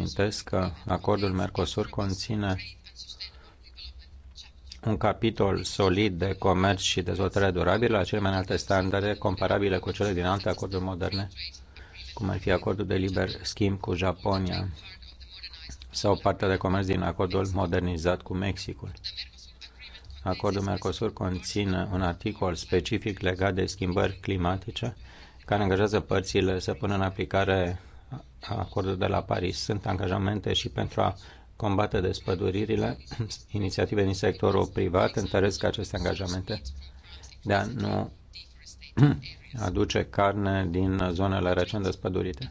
amintesc că acordul Mercosur conține un capitol solid de comerț și dezvoltare durabilă la cele mai înalte standarde comparabile cu cele din alte acorduri moderne, cum ar fi acordul de liber schimb cu Japonia sau partea de comerț din acordul modernizat cu Mexicul. Acordul Mercosur conține un articol specific legat de schimbări climatice care angajează părțile să pună în aplicare acordul de la Paris. Sunt angajamente și pentru a combate despăduririle, inițiative din sectorul privat întăresc aceste angajamente de a nu aduce carne din zonele recent despădurite.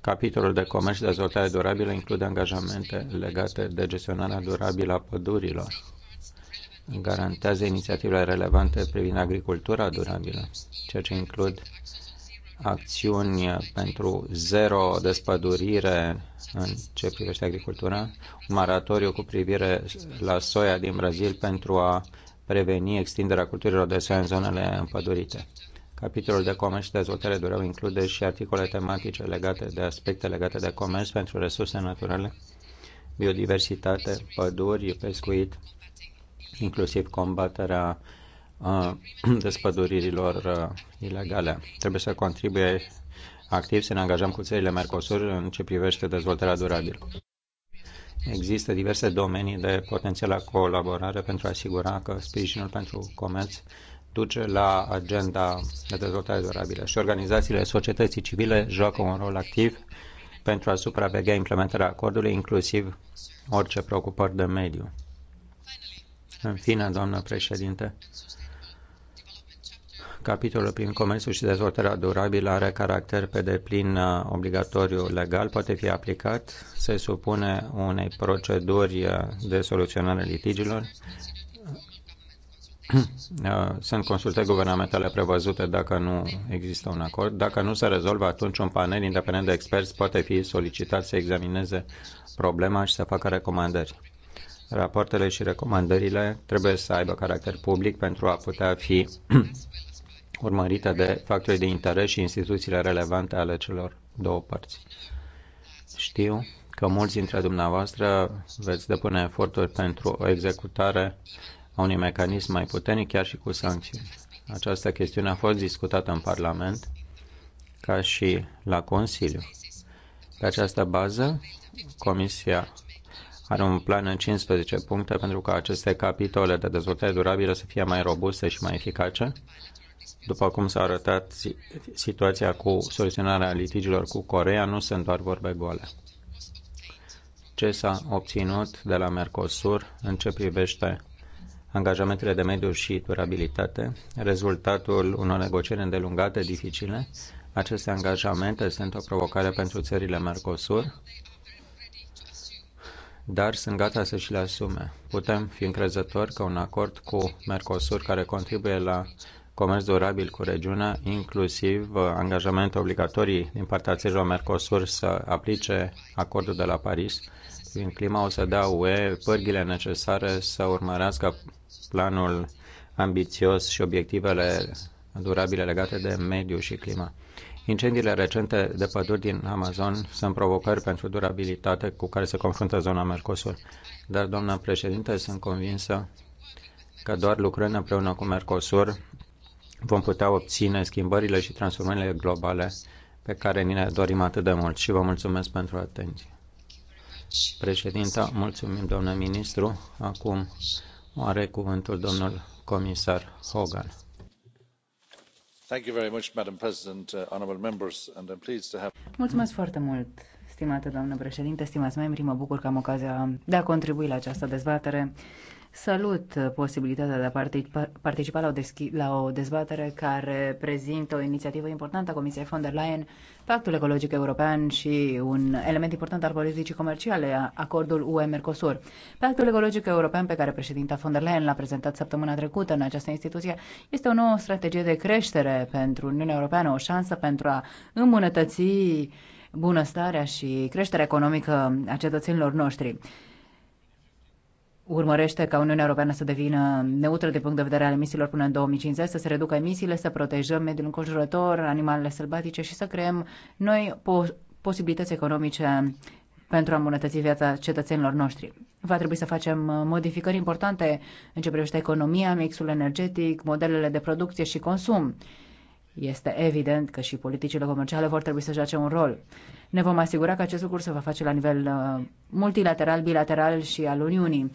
Capitolul de comerț și dezvoltare durabilă include angajamente legate de gestionarea durabilă a pădurilor. Garantează inițiativele relevante privind agricultura durabilă, ceea ce includ acțiuni pentru zero despădurire în ce privește agricultura, un maratoriu cu privire la soia din Brazil pentru a preveni extinderea culturilor de soia în zonele împădurite. Capitolul de comerț și dezvoltare durau include și articole tematice legate de aspecte legate de comerț pentru resurse naturale, biodiversitate, păduri, pescuit, inclusiv combaterea despăduririlor uh, ilegale. Trebuie să contribuie activ să ne angajăm cu țările Mercosur în ce privește dezvoltarea durabilă. Există diverse domenii de potențială colaborare pentru a asigura că sprijinul pentru comerț duce la agenda de dezvoltare durabilă și organizațiile societății civile joacă un rol activ pentru a supraveghea implementarea acordului, inclusiv orice preocupări de mediu. În fine, doamnă președinte, capitolul prin comerțul și dezvoltarea durabilă are caracter pe deplin uh, obligatoriu legal, poate fi aplicat, se supune unei proceduri uh, de soluționare litigilor. Uh, sunt consulte guvernamentale prevăzute dacă nu există un acord. Dacă nu se rezolvă, atunci un panel independent de experți poate fi solicitat să examineze problema și să facă recomandări. Rapoartele și recomandările trebuie să aibă caracter public pentru a putea fi urmărite de factorii de interes și instituțiile relevante ale celor două părți. Știu că mulți dintre dumneavoastră veți depune eforturi pentru o executare a unui mecanism mai puternic, chiar și cu sancțiuni. Această chestiune a fost discutată în Parlament ca și la Consiliu. Pe această bază, Comisia are un plan în 15 puncte pentru ca aceste capitole de dezvoltare durabilă să fie mai robuste și mai eficace după cum s-a arătat, situația cu soluționarea litigilor cu Corea nu sunt doar vorbe goale. Ce s-a obținut de la Mercosur în ce privește angajamentele de mediu și durabilitate, rezultatul unor negocieri îndelungate, dificile, aceste angajamente sunt o provocare pentru țările Mercosur, dar sunt gata să și le asume. Putem fi încrezători că un acord cu Mercosur care contribuie la comerț durabil cu regiunea, inclusiv uh, angajamente obligatorii din partea țărilor Mercosur să aplice acordul de la Paris. Prin clima o să dea UE pârghile necesare să urmărească planul ambițios și obiectivele durabile legate de mediu și clima. Incendiile recente de păduri din Amazon sunt provocări pentru durabilitate cu care se confruntă zona Mercosur. Dar, doamna președinte, sunt convinsă că doar lucrând împreună cu Mercosur vom putea obține schimbările și transformările globale pe care ni le dorim atât de mult și vă mulțumesc pentru atenție. Președinta, mulțumim, domnule ministru. Acum are cuvântul domnul comisar Hogan. Uh, mulțumesc foarte mult, stimată doamnă președinte, stimați membri, mă bucur că am ocazia de a contribui la această dezbatere. Salut uh, posibilitatea de a participa la o, deschi- la o dezbatere care prezintă o inițiativă importantă a Comisiei von der Leyen, Pactul Ecologic European și un element important al politicii comerciale, acordul UE-Mercosur. Pactul Ecologic European pe care președinta von der Leyen l-a prezentat săptămâna trecută în această instituție este o nouă strategie de creștere pentru Uniunea Europeană, o șansă pentru a îmbunătăți bunăstarea și creșterea economică a cetățenilor noștri urmărește ca Uniunea Europeană să devină neutră de punct de vedere al emisiilor până în 2050, să se reducă emisiile, să protejăm mediul înconjurător, animalele sălbatice și să creăm noi po- posibilități economice pentru a îmbunătăți viața cetățenilor noștri. Va trebui să facem uh, modificări importante în ce privește economia, mixul energetic, modelele de producție și consum. Este evident că și politicile comerciale vor trebui să joace un rol. Ne vom asigura că acest lucru se va face la nivel uh, multilateral, bilateral și al Uniunii.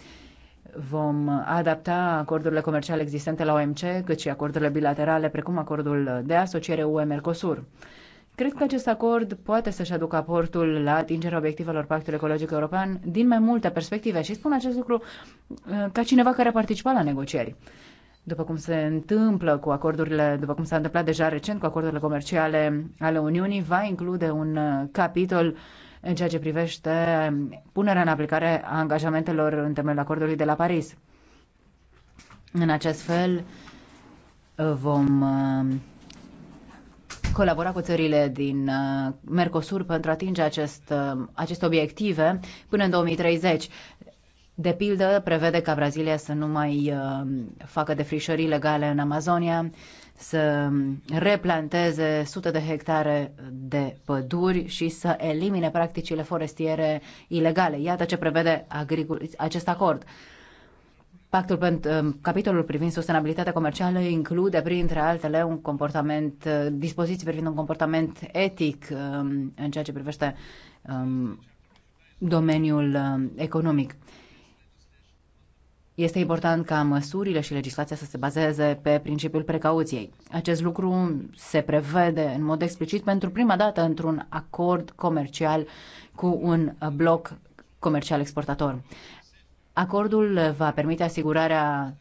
Vom adapta acordurile comerciale existente la OMC, cât și acordurile bilaterale, precum acordul de asociere UE-Mercosur. Cred că acest acord poate să-și aducă aportul la atingerea obiectivelor Pactului Ecologic European din mai multe perspective și spun acest lucru uh, ca cineva care a participat la negocieri. După cum se întâmplă cu acordurile, după cum s-a întâmplat deja recent cu acordurile comerciale ale Uniunii, va include un uh, capitol uh, în ceea ce privește punerea în aplicare a angajamentelor în temelul acordului de la Paris. În acest fel vom uh, colabora cu țările din uh, Mercosur pentru a atinge acest, uh, aceste obiective până în 2030. De pildă, prevede ca Brazilia să nu mai facă defrișări legale în Amazonia, să replanteze sute de hectare de păduri și să elimine practicile forestiere ilegale. Iată ce prevede acest acord. Pactul pentru um, capitolul privind sustenabilitatea comercială include, printre altele, un comportament, uh, dispoziții privind un comportament etic um, în ceea ce privește um, domeniul economic. Este important ca măsurile și legislația să se bazeze pe principiul precauției. Acest lucru se prevede în mod explicit pentru prima dată într-un acord comercial cu un bloc comercial exportator. Acordul va permite asigurarea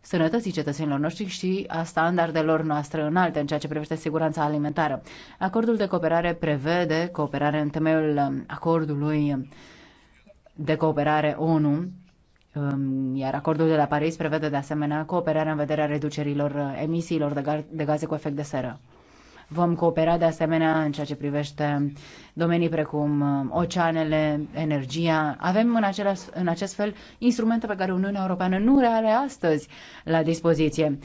sănătății cetățenilor noștri și a standardelor noastre înalte în ceea ce privește siguranța alimentară. Acordul de cooperare prevede cooperare în temeiul acordului de cooperare ONU iar acordul de la Paris prevede de asemenea cooperarea în vederea reducerilor uh, emisiilor de gaze cu efect de seră. Vom coopera de asemenea în ceea ce privește domenii precum uh, oceanele, energia. Avem în, același, în acest fel instrumente pe care Uniunea Europeană nu le are astăzi la dispoziție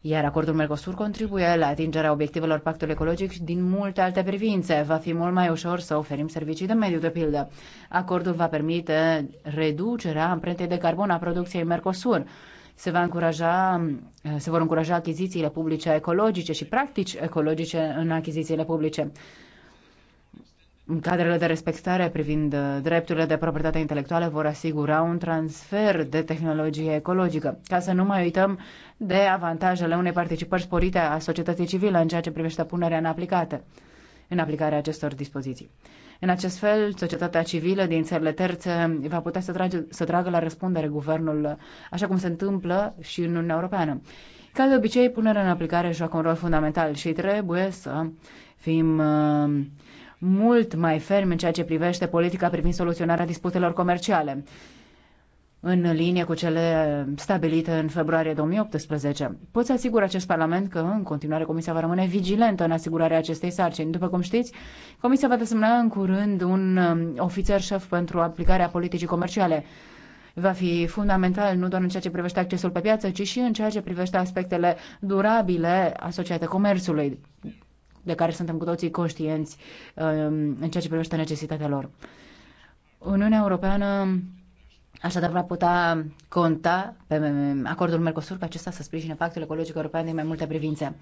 iar acordul Mercosur contribuie la atingerea obiectivelor pactului ecologic și din multe alte privințe. Va fi mult mai ușor să oferim servicii de mediu, de pildă. Acordul va permite reducerea amprentei de carbon a producției Mercosur. Se, va încuraja, se vor încuraja achizițiile publice ecologice și practici ecologice în achizițiile publice. Cadrele de respectare privind uh, drepturile de proprietate intelectuală vor asigura un transfer de tehnologie ecologică, ca să nu mai uităm de avantajele unei participări sporite a societății civile în ceea ce privește punerea în aplicate în aplicarea acestor dispoziții. În acest fel, societatea civilă din țările terțe va putea să, trage, să tragă la răspundere guvernul, uh, așa cum se întâmplă și în Uniunea Europeană. Ca de obicei, punerea în aplicare joacă un rol fundamental și trebuie să fim uh, mult mai ferm în ceea ce privește politica privind soluționarea disputelor comerciale, în linie cu cele stabilite în februarie 2018. Poți asigura acest Parlament că, în continuare, Comisia va rămâne vigilentă în asigurarea acestei sarcini. După cum știți, Comisia va desemna în curând un um, ofițer șef pentru aplicarea politicii comerciale va fi fundamental nu doar în ceea ce privește accesul pe piață, ci și în ceea ce privește aspectele durabile asociate comerțului de care suntem cu toții conștienți um, în ceea ce privește necesitatea lor. Uniunea Europeană Așadar, va putea conta pe acordul Mercosur ca acesta să sprijine pactul ecologic european din mai multe privințe.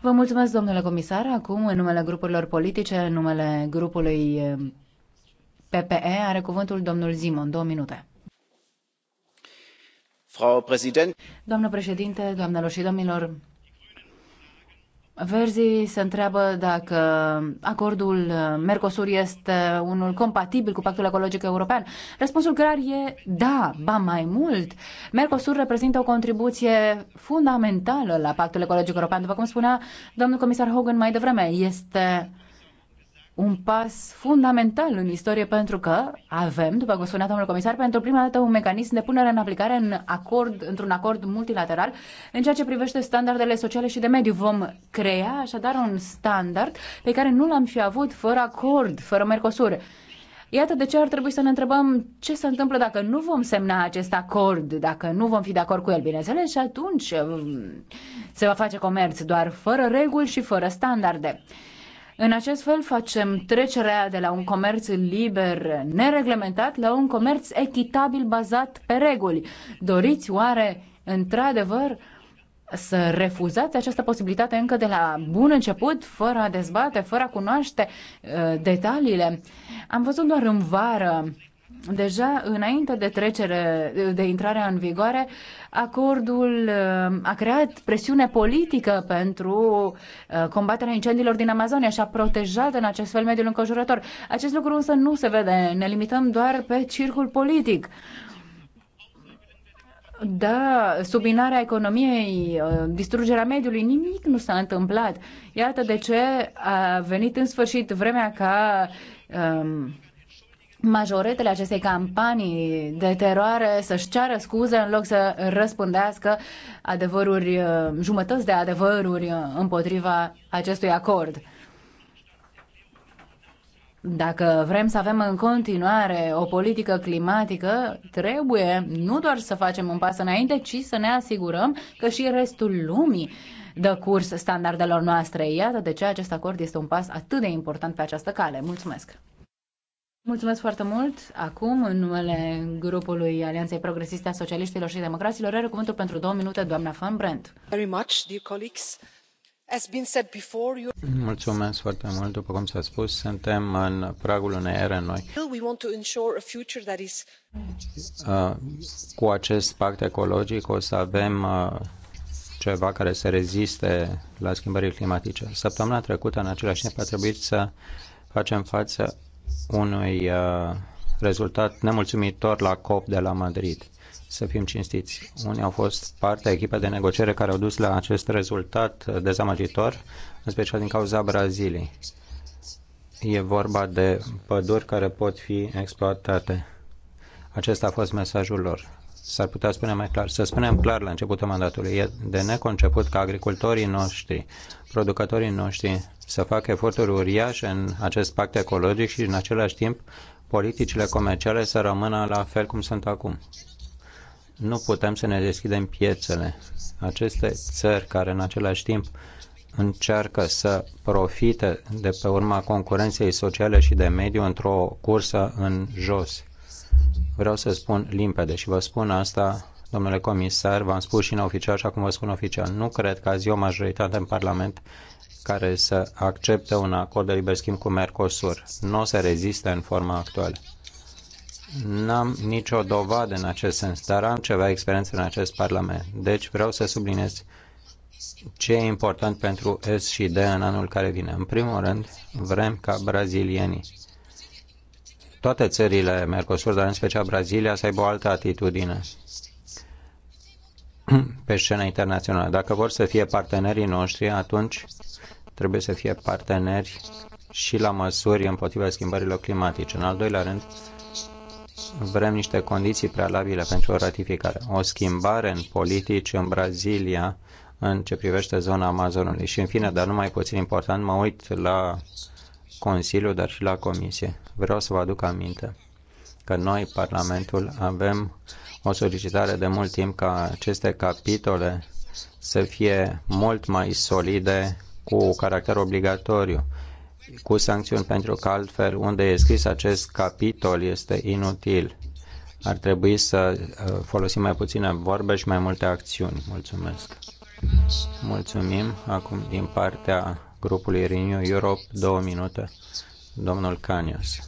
Vă mulțumesc, domnule comisar. Acum, în numele grupurilor politice, în numele grupului um, PPE, are cuvântul domnul Zimon. Două minute. Frau Doamnă președinte, doamnelor și domnilor, Verzi se întreabă dacă acordul Mercosur este unul compatibil cu pactul ecologic european. Răspunsul clar e da, ba mai mult. Mercosur reprezintă o contribuție fundamentală la pactul ecologic european. După cum spunea domnul comisar Hogan mai devreme, este un pas fundamental în istorie pentru că avem, după cum spunea domnul comisar, pentru prima dată un mecanism de punere în aplicare în acord, într-un acord multilateral în ceea ce privește standardele sociale și de mediu. Vom crea așadar un standard pe care nu l-am fi avut fără acord, fără Mercosur. Iată de ce ar trebui să ne întrebăm ce se întâmplă dacă nu vom semna acest acord, dacă nu vom fi de acord cu el, bineînțeles, și atunci um, se va face comerț doar fără reguli și fără standarde. În acest fel facem trecerea de la un comerț liber, nereglementat, la un comerț echitabil bazat pe reguli. Doriți oare, într-adevăr, să refuzați această posibilitate încă de la bun început, fără a dezbate, fără a cunoaște uh, detaliile. Am văzut doar în vară Deja înainte de trecere, de intrarea în vigoare, acordul uh, a creat presiune politică pentru uh, combaterea incendiilor din Amazonia și a protejat în acest fel mediul înconjurător. Acest lucru însă nu se vede, ne limităm doar pe circul politic. Da, subinarea economiei, uh, distrugerea mediului, nimic nu s-a întâmplat. Iată de ce a venit în sfârșit vremea ca um, majoretele acestei campanii de teroare să-și ceară scuze în loc să răspundească adevăruri, uh, jumătăți de adevăruri uh, împotriva acestui acord. Dacă vrem să avem în continuare o politică climatică, trebuie nu doar să facem un pas înainte, ci să ne asigurăm că și restul lumii dă curs standardelor noastre. Iată de ce acest acord este un pas atât de important pe această cale. Mulțumesc! Mulțumesc foarte mult. Acum, în numele grupului Alianței Progresiste a Socialiștilor și Democraților, are cuvântul pentru două minute doamna Van Brent. Very much, dear colleagues. As been said before, you... Mulțumesc foarte mult. După cum s-a spus, suntem în pragul unei ere noi. We want to ensure a future that is... Uh, cu acest pact ecologic o să avem uh, ceva care să reziste la schimbările climatice. Săptămâna trecută, în același timp, a trebuit să facem față unui uh, rezultat nemulțumitor la COP de la Madrid. Să fim cinstiți, unii au fost parte a echipei de negociere care au dus la acest rezultat dezamăgitor, în special din cauza Braziliei. E vorba de păduri care pot fi exploatate. Acesta a fost mesajul lor s-ar putea spune mai clar, să spunem clar la începutul mandatului, e de neconceput ca agricultorii noștri, producătorii noștri să facă eforturi uriașe în acest pact ecologic și în același timp politicile comerciale să rămână la fel cum sunt acum. Nu putem să ne deschidem piețele. Aceste țări care în același timp încearcă să profite de pe urma concurenței sociale și de mediu într-o cursă în jos Vreau să spun limpede și vă spun asta, domnule comisar, v-am spus și oficial așa cum vă spun oficial. Nu cred că azi e o majoritate în Parlament care să accepte un acord de liber schimb cu Mercosur. Nu o să reziste în forma actuală. N-am nicio dovadă în acest sens, dar am ceva experiență în acest Parlament. Deci vreau să subliniez ce e important pentru S și D în anul care vine. În primul rând, vrem ca brazilienii toate țările Mercosur, dar în special Brazilia, să aibă o altă atitudine pe scena internațională. Dacă vor să fie partenerii noștri, atunci trebuie să fie parteneri și la măsuri împotriva schimbărilor climatice. În al doilea rând, vrem niște condiții prealabile pentru o ratificare. O schimbare în politici în Brazilia în ce privește zona Amazonului. Și în fine, dar nu mai puțin important, mă uit la uh, Consiliu, dar și la Comisie. Vreau să vă aduc aminte că noi, Parlamentul, avem o solicitare de mult timp ca aceste capitole să fie mult mai solide cu caracter obligatoriu, cu sancțiuni, pentru că altfel unde e scris acest capitol este inutil. Ar trebui să uh, folosim mai puține vorbe și mai multe acțiuni. Mulțumesc! Mulțumim acum din partea grupului Renew Europe, două minute. Domnul Canias.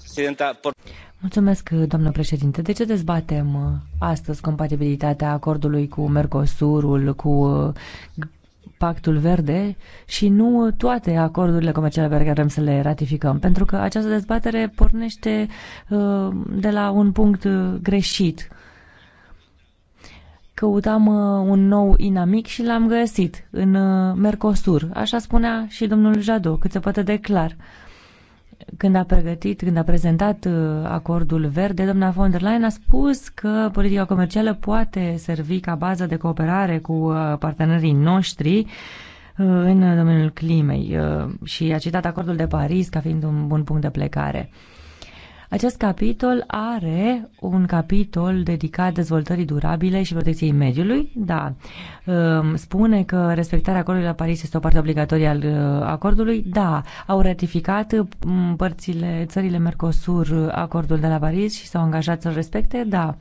Mulțumesc, doamnă președinte. De ce dezbatem uh, astăzi compatibilitatea acordului cu Mercosurul, cu uh, Pactul Verde și nu toate acordurile comerciale pe care vrem să le ratificăm, pentru că această dezbatere pornește uh, de la un punct greșit căutam uh, un nou inamic și l-am găsit în uh, Mercosur. Așa spunea și domnul Jadot, cât se poate de clar. Când a pregătit, când a prezentat uh, acordul verde, doamna von der Leyen a spus că politica comercială poate servi ca bază de cooperare cu partenerii noștri în domeniul climei și a citat acordul de Paris ca fiind un bun punct de plecare. Acest capitol are un capitol dedicat dezvoltării durabile și protecției mediului, da. Spune că respectarea acordului la Paris este o parte obligatorie al uh, acordului, da. Au ratificat uh, părțile, țările Mercosur uh, acordul de la Paris și s-au angajat să-l respecte, da.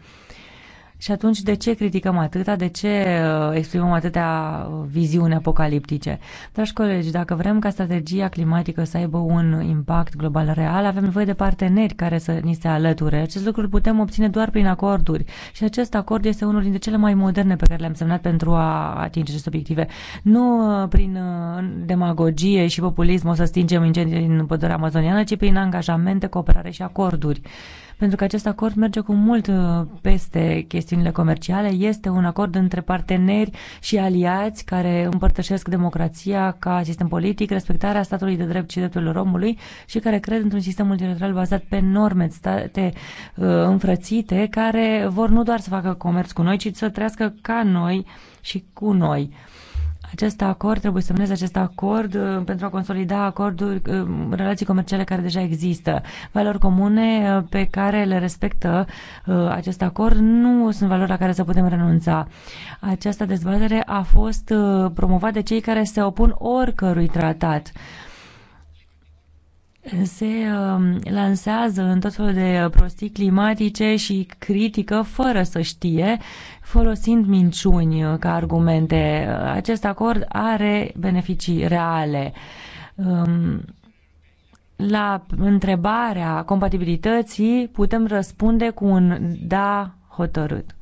Și atunci de ce criticăm atâta, de ce uh, exprimăm atâtea uh, viziuni apocaliptice? Dragi colegi, dacă vrem ca strategia climatică să aibă un impact global real, avem nevoie de parteneri care să ni se alăture. Acest lucru îl putem obține doar prin acorduri și acest acord este unul dintre cele mai moderne pe care le-am semnat pentru a atinge aceste obiective. Nu uh, prin demagogie și populism o să stingem incendii din pădurea amazoniană, ci prin angajamente, cooperare și acorduri pentru că acest acord merge cu mult uh, peste chestiunile comerciale. Este un acord între parteneri și aliați care împărtășesc democrația ca sistem politic, respectarea statului de drept și drepturilor omului și care cred într-un sistem multilateral bazat pe norme, state uh, înfrățite, care vor nu doar să facă comerț cu noi, ci să trăiască ca noi și cu noi. Acest acord trebuie să semneze acest acord uh, pentru a consolida acorduri, uh, relații comerciale care deja există. Valori comune uh, pe care le respectă acest acord nu sunt valori la care să putem renunța. Această dezbatere a fost promovată de cei care se opun oricărui tratat se um, lansează în tot felul de prostii climatice și critică fără să știe, folosind minciuni ca argumente. Acest acord are beneficii reale. Um, la întrebarea compatibilității putem răspunde cu un da hotărât.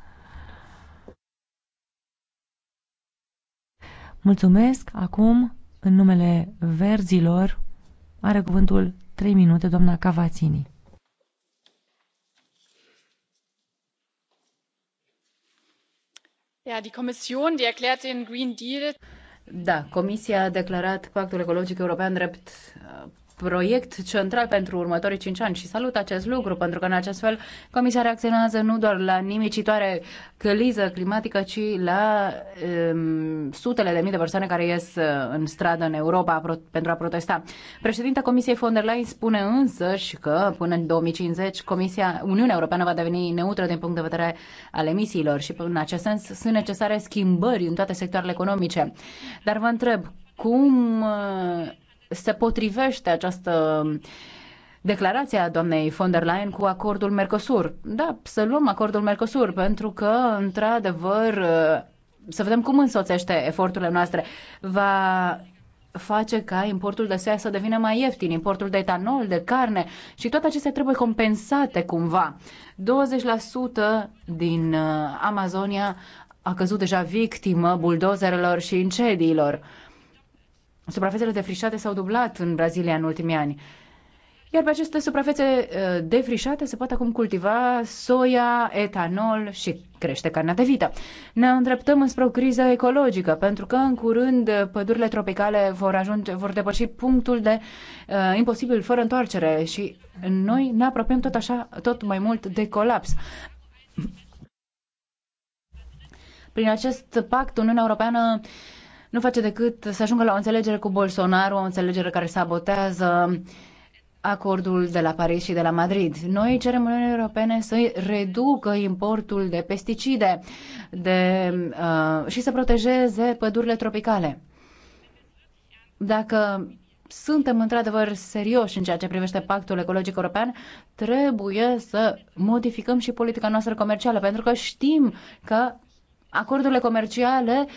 Mulțumesc acum în numele verzilor are cuvântul 3 minute doamna Cavazzini. Ja, die Kommission, die erklärt den Green Deal. Da, Comisia a declarat Pactul Ecologic European drept proiect central pentru următorii cinci ani și salut acest lucru, pentru că în acest fel Comisia reacționează nu doar la nimicitoare căliză climatică, ci la um, sutele de mii de persoane care ies uh, în stradă în Europa pentru a protesta. Președinta Comisiei von der Leyen spune însă și că până în 2050 Comisia, Uniunea Europeană va deveni neutră din punct de vedere al emisiilor și în acest sens sunt necesare schimbări în toate sectoarele economice. Dar vă întreb, cum uh, se potrivește această um, declarație a doamnei von der Leyen cu acordul Mercosur. Da, să luăm acordul Mercosur, pentru că, într-adevăr, uh, să vedem cum însoțește eforturile noastre. Va face ca importul de soia să devină mai ieftin, importul de etanol, de carne și toate acestea trebuie compensate cumva. 20% din uh, Amazonia a căzut deja victimă buldozerelor și incendiilor. Suprafețele defrișate s-au dublat în Brazilia în ultimii ani. Iar pe aceste suprafețe uh, defrișate se poate acum cultiva soia, etanol și crește carnea de vită. Ne îndreptăm înspre o criză ecologică, pentru că în curând pădurile tropicale vor, ajunge, vor depăși punctul de uh, imposibil fără întoarcere și noi ne apropiem tot așa, tot mai mult de colaps. Prin acest pact, Uniunea Europeană uh, nu face decât să ajungă la o înțelegere cu Bolsonaro, o înțelegere care sabotează acordul de la Paris și de la Madrid. Noi cerem Uniunii Europene să reducă importul de pesticide de, uh, și să protejeze pădurile tropicale. Dacă suntem într-adevăr serioși în ceea ce privește pactul ecologic european, trebuie să modificăm și politica noastră comercială, pentru că știm că acordurile comerciale uh,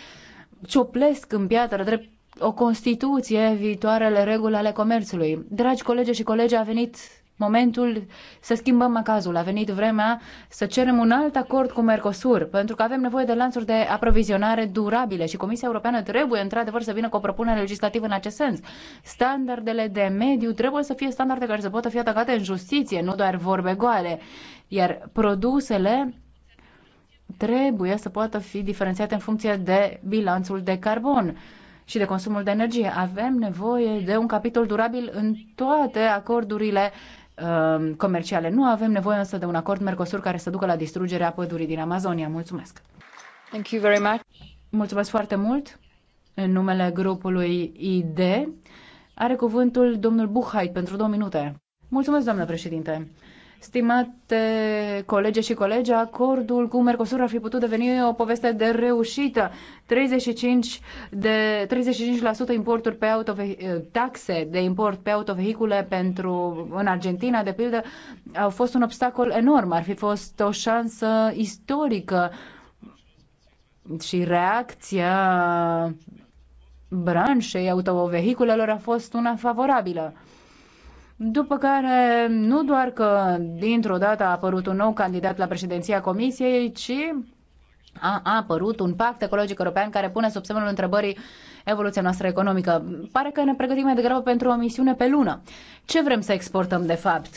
cioplesc în piatră drept o constituție viitoarele reguli ale comerțului. Dragi colegi și colegi, a venit momentul să schimbăm acazul. A venit vremea să cerem un alt acord cu Mercosur, pentru că avem nevoie de lanțuri de aprovizionare durabile și Comisia Europeană trebuie, într-adevăr, să vină cu o propunere legislativă în acest sens. Standardele de mediu trebuie să fie standarde care să poată fi atacate în justiție, nu doar vorbe goale. Iar produsele trebuie să poată fi diferențiate în funcție de bilanțul de carbon și de consumul de energie. Avem nevoie de un capitol durabil în toate acordurile um, comerciale. Nu avem nevoie însă de un acord Mercosur care să ducă la distrugerea pădurii din Amazonia. Mulțumesc! Thank you very much. Mulțumesc foarte mult! În numele grupului ID are cuvântul domnul Buhait pentru două minute. Mulțumesc, doamnă președinte! Stimate colege și colegi, acordul cu Mercosur ar fi putut deveni o poveste de reușită. 35 de 35% importuri pe autove, taxe de import pe autovehicule pentru în Argentina, de pildă, au fost un obstacol enorm. Ar fi fost o șansă istorică și reacția branșei autovehiculelor a fost una favorabilă. După care, nu doar că dintr-o dată a apărut un nou candidat la președinția Comisiei, ci a, a apărut un pact ecologic european care pune sub semnul întrebării evoluția noastră economică. Pare că ne pregătim mai degrabă pentru o misiune pe lună. Ce vrem să exportăm, de fapt?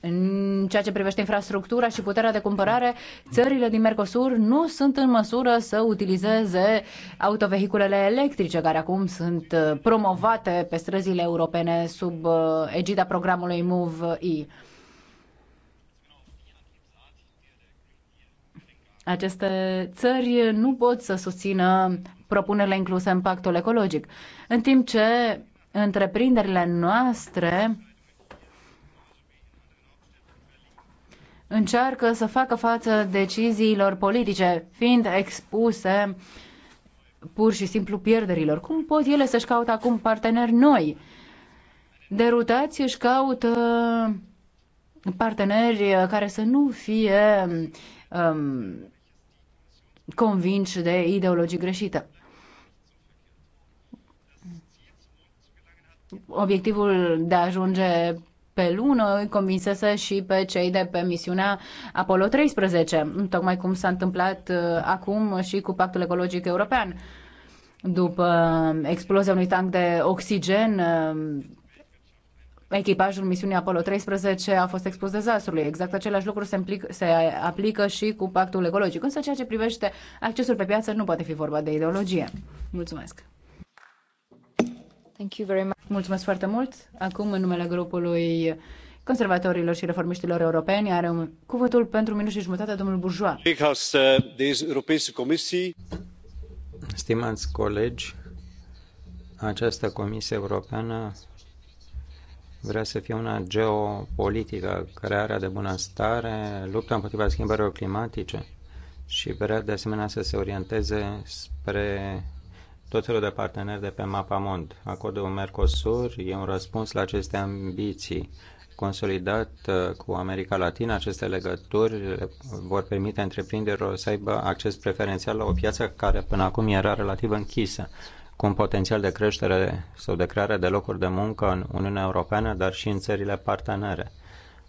În ceea ce privește infrastructura și puterea de cumpărare, țările din Mercosur nu sunt în măsură să utilizeze autovehiculele electrice, care acum sunt uh, promovate pe străzile europene sub uh, egida programului MOVE-E. Aceste țări nu pot să susțină propunerile incluse în pactul ecologic, în timp ce întreprinderile noastre încearcă să facă față deciziilor politice, fiind expuse pur și simplu pierderilor. Cum pot ele să-și caute acum parteneri noi? Derutați își caută uh, parteneri uh, care să nu fie um, convinși de ideologii greșite. Obiectivul de a ajunge pe lună îi convinsese și pe cei de pe misiunea Apollo 13, tocmai cum s-a întâmplat uh, acum și cu Pactul Ecologic European. După um, explozia unui tank de oxigen, um, echipajul misiunii Apollo 13 a fost expus dezastrului. Exact același lucru se, implic, se aplică și cu pactul ecologic. Însă ceea ce privește accesul pe piață nu poate fi vorba de ideologie. Mulțumesc! Thank you very much. Mulțumesc foarte mult. Acum, în numele grupului conservatorilor și reformiștilor europeni, are un cuvântul pentru minut și jumătate domnul Bourgeois. Uh, Stimați colegi, această Comisie Europeană vrea să fie una geopolitică, crearea de bunăstare, lupta împotriva schimbărilor climatice și vrea de asemenea să se orienteze spre tot felul de parteneri de pe Mapamond. Acordul Mercosur e un răspuns la aceste ambiții. Consolidat uh, cu America Latina, aceste legături vor permite întreprinderilor să aibă acces preferențial la o piață care până acum era relativ închisă, cu un potențial de creștere sau de creare de locuri de muncă în Uniunea Europeană, dar și în țările partenere.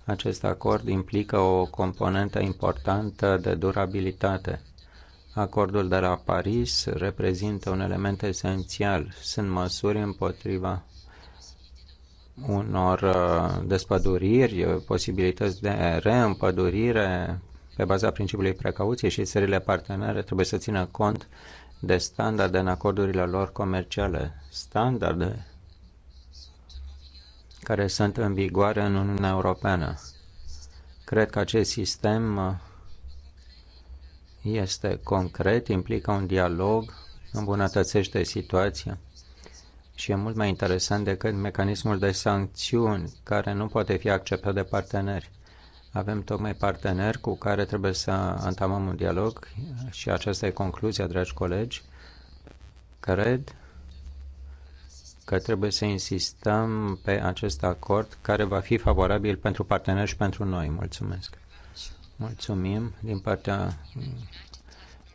Acest acord implică o componentă importantă de durabilitate Acordul de la Paris reprezintă un element esențial. Sunt măsuri împotriva unor uh, despăduriri, posibilități de reîmpădurire pe baza principiului precauție și țările partenere trebuie să țină cont de standarde în acordurile lor comerciale. Standarde care sunt în vigoare în Uniunea Europeană. Cred că acest sistem uh, este concret, implică un dialog, îmbunătățește situația și e mult mai interesant decât mecanismul de sancțiuni care nu poate fi acceptat de parteneri. Avem tocmai parteneri cu care trebuie să întamăm un dialog și aceasta e concluzia, dragi colegi. Cred că trebuie să insistăm pe acest acord care va fi favorabil pentru parteneri și pentru noi. Mulțumesc! Mulțumim din partea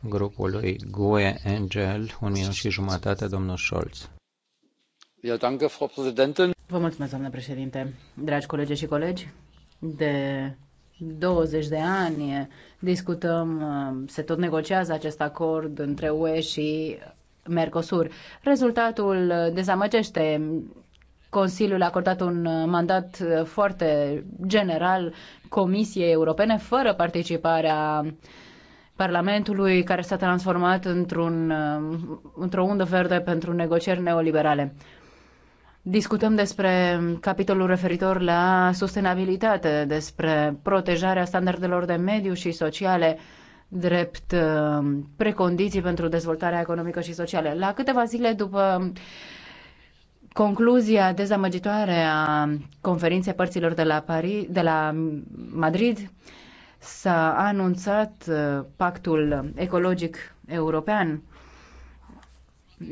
grupului GUE Angel, un minut și jumătate, domnul Scholz. Vă mulțumesc, doamnă președinte. Dragi colegi și colegi, de 20 de ani discutăm, se tot negociază acest acord între UE și Mercosur. Rezultatul dezamăgește Consiliul a acordat un uh, mandat uh, foarte general Comisiei Europene, fără participarea Parlamentului, care s-a transformat într-un, uh, într-o undă verde pentru negocieri neoliberale. Discutăm despre capitolul referitor la sustenabilitate, despre protejarea standardelor de mediu și sociale drept precondiții pentru dezvoltarea economică și socială. La câteva zile după Concluzia dezamăgitoare a conferinței părților de la, Paris, de la Madrid s-a anunțat uh, pactul ecologic european.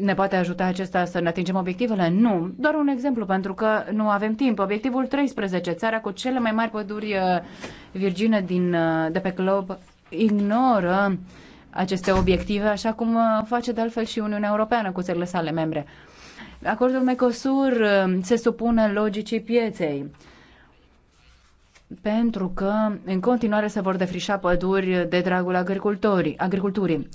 Ne poate ajuta acesta să ne atingem obiectivele? Nu. Doar un exemplu, pentru că nu avem timp. Obiectivul 13, țara cu cele mai mari păduri uh, virgine din, uh, de pe glob, ignoră aceste obiective, așa cum face de altfel și Uniunea Europeană cu țările sale membre. Acordul Mecosur um, se supune logicii pieței pentru că în continuare se vor defrișa păduri de dragul agricultorii, agriculturii.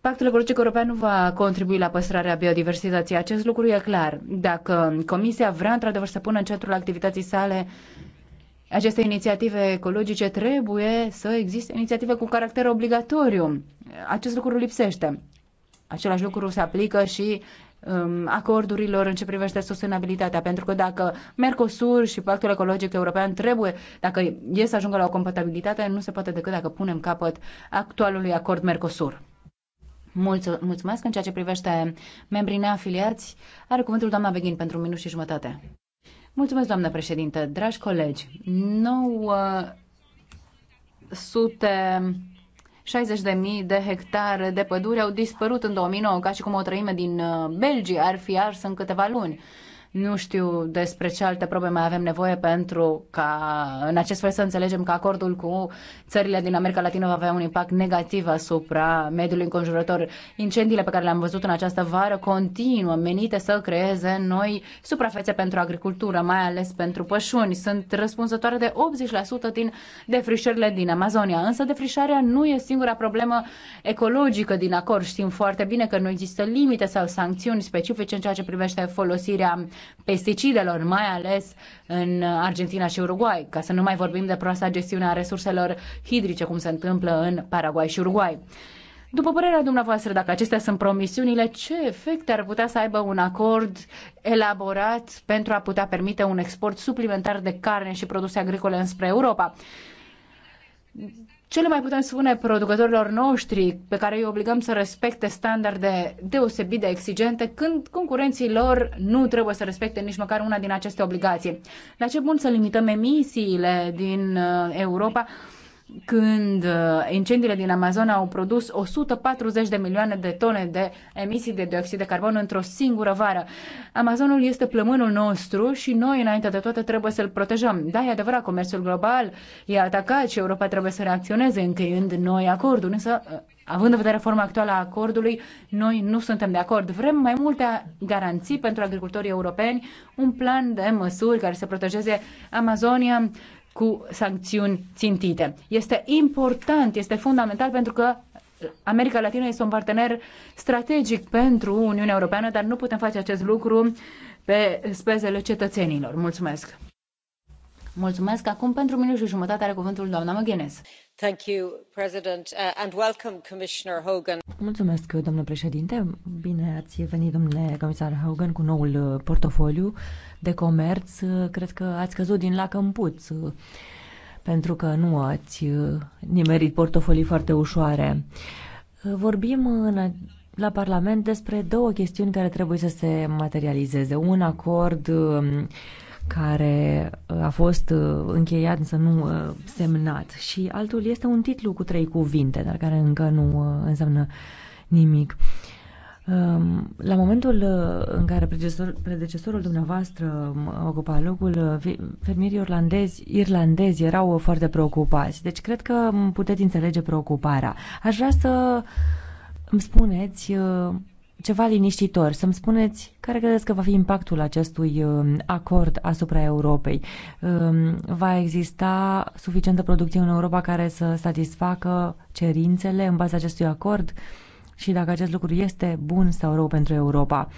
Pactul ecologic european nu va contribui la păstrarea biodiversității. Acest lucru e clar. Dacă Comisia vrea într-adevăr să pună în centrul activității sale aceste inițiative ecologice, trebuie să existe inițiative cu caracter obligatoriu. Acest lucru lipsește. Același lucru se aplică și Um, acordurilor în ce privește sustenabilitatea, pentru că dacă Mercosur și Pactul Ecologic European trebuie, dacă e să ajungă la o compatibilitate, nu se poate decât dacă punem capăt actualului acord Mercosur. mulțumesc în ceea ce privește membrii neafiliați. Are cuvântul doamna Beghin pentru un minut și jumătate. Mulțumesc, doamnă președinte. Dragi colegi, 900 60.000 de hectare de pădure au dispărut în 2009, ca și cum o treime din uh, Belgia ar fi ars în câteva luni. Nu știu despre ce alte probe mai avem nevoie pentru ca în acest fel să înțelegem că acordul cu țările din America Latină va avea un impact negativ asupra mediului înconjurător. Incendiile pe care le-am văzut în această vară continuă, menite să creeze noi suprafețe pentru agricultură, mai ales pentru pășuni. Sunt răspunzătoare de 80% din defrișările din Amazonia. Însă defrișarea nu e singura problemă ecologică din acord. Știm foarte bine că nu există limite sau sancțiuni specifice în ceea ce privește folosirea pesticidelor, mai ales în Argentina și Uruguay, ca să nu mai vorbim de proasta gestiune a resurselor hidrice, cum se întâmplă în Paraguay și Uruguay. După părerea dumneavoastră, dacă acestea sunt promisiunile, ce efecte ar putea să aibă un acord elaborat pentru a putea permite un export suplimentar de carne și produse agricole înspre Europa? Ce le mai putem spune producătorilor noștri pe care îi obligăm să respecte standarde deosebit de exigente când concurenții lor nu trebuie să respecte nici măcar una din aceste obligații? La ce bun să limităm emisiile din uh, Europa când uh, incendiile din Amazon au produs 140 de milioane de tone de emisii de dioxid de carbon într-o singură vară. Amazonul este plămânul nostru și noi, înainte de toate, trebuie să-l protejăm. Da, e adevărat, comerțul global e atacat și Europa trebuie să reacționeze încheiând noi acorduri, însă uh, Având în vedere forma actuală a acordului, noi nu suntem de acord. Vrem mai multe garanții pentru agricultorii europeni, un plan de măsuri care să protejeze Amazonia, cu sancțiuni țintite. Este important, este fundamental pentru că America Latină este un partener strategic pentru Uniunea Europeană, dar nu putem face acest lucru pe spezele cetățenilor. Mulțumesc! Mulțumesc! Acum pentru minut și jumătate are cuvântul doamna Măghenes. Uh, Mulțumesc, domnule președinte. Bine ați venit, domnule comisar Hogan, cu noul uh, portofoliu de comerț. Uh, cred că ați căzut din lac în puț, pentru că nu ați nimerit portofolii foarte ușoare. Vorbim în la Parlament despre două chestiuni care trebuie să se materializeze. Un acord um, care uh, a fost uh, încheiat, însă nu uh, semnat. Și altul este un titlu cu trei cuvinte, dar care încă nu înseamnă nimic. Um, la momentul în care predecesor, predecesorul dumneavoastră um, ocupa locul, fermierii irlandezi, irlandezi erau foarte preocupați. Deci cred că um, puteți înțelege preocuparea. Aș vrea să îmi spuneți ceva liniștitor. Să-mi spuneți care credeți că va fi impactul acestui um, acord asupra Europei. Um, va exista suficientă producție în Europa care să satisfacă cerințele în baza acestui acord? și dacă acest lucru este bun sau rău pentru Europa.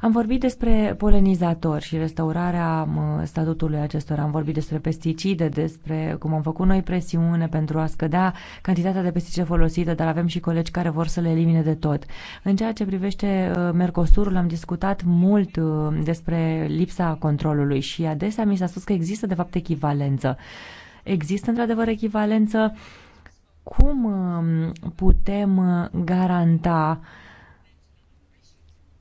Am vorbit despre polenizatori și restaurarea statutului acestora, am vorbit despre pesticide, despre cum am făcut noi presiune pentru a scădea cantitatea de pesticide folosite, dar avem și colegi care vor să le elimine de tot. În ceea ce privește uh, Mercosurul, am discutat mult uh, despre lipsa controlului și adesea mi s-a spus că există de fapt echivalență. Există într-adevăr echivalență cum um, putem uh, garanta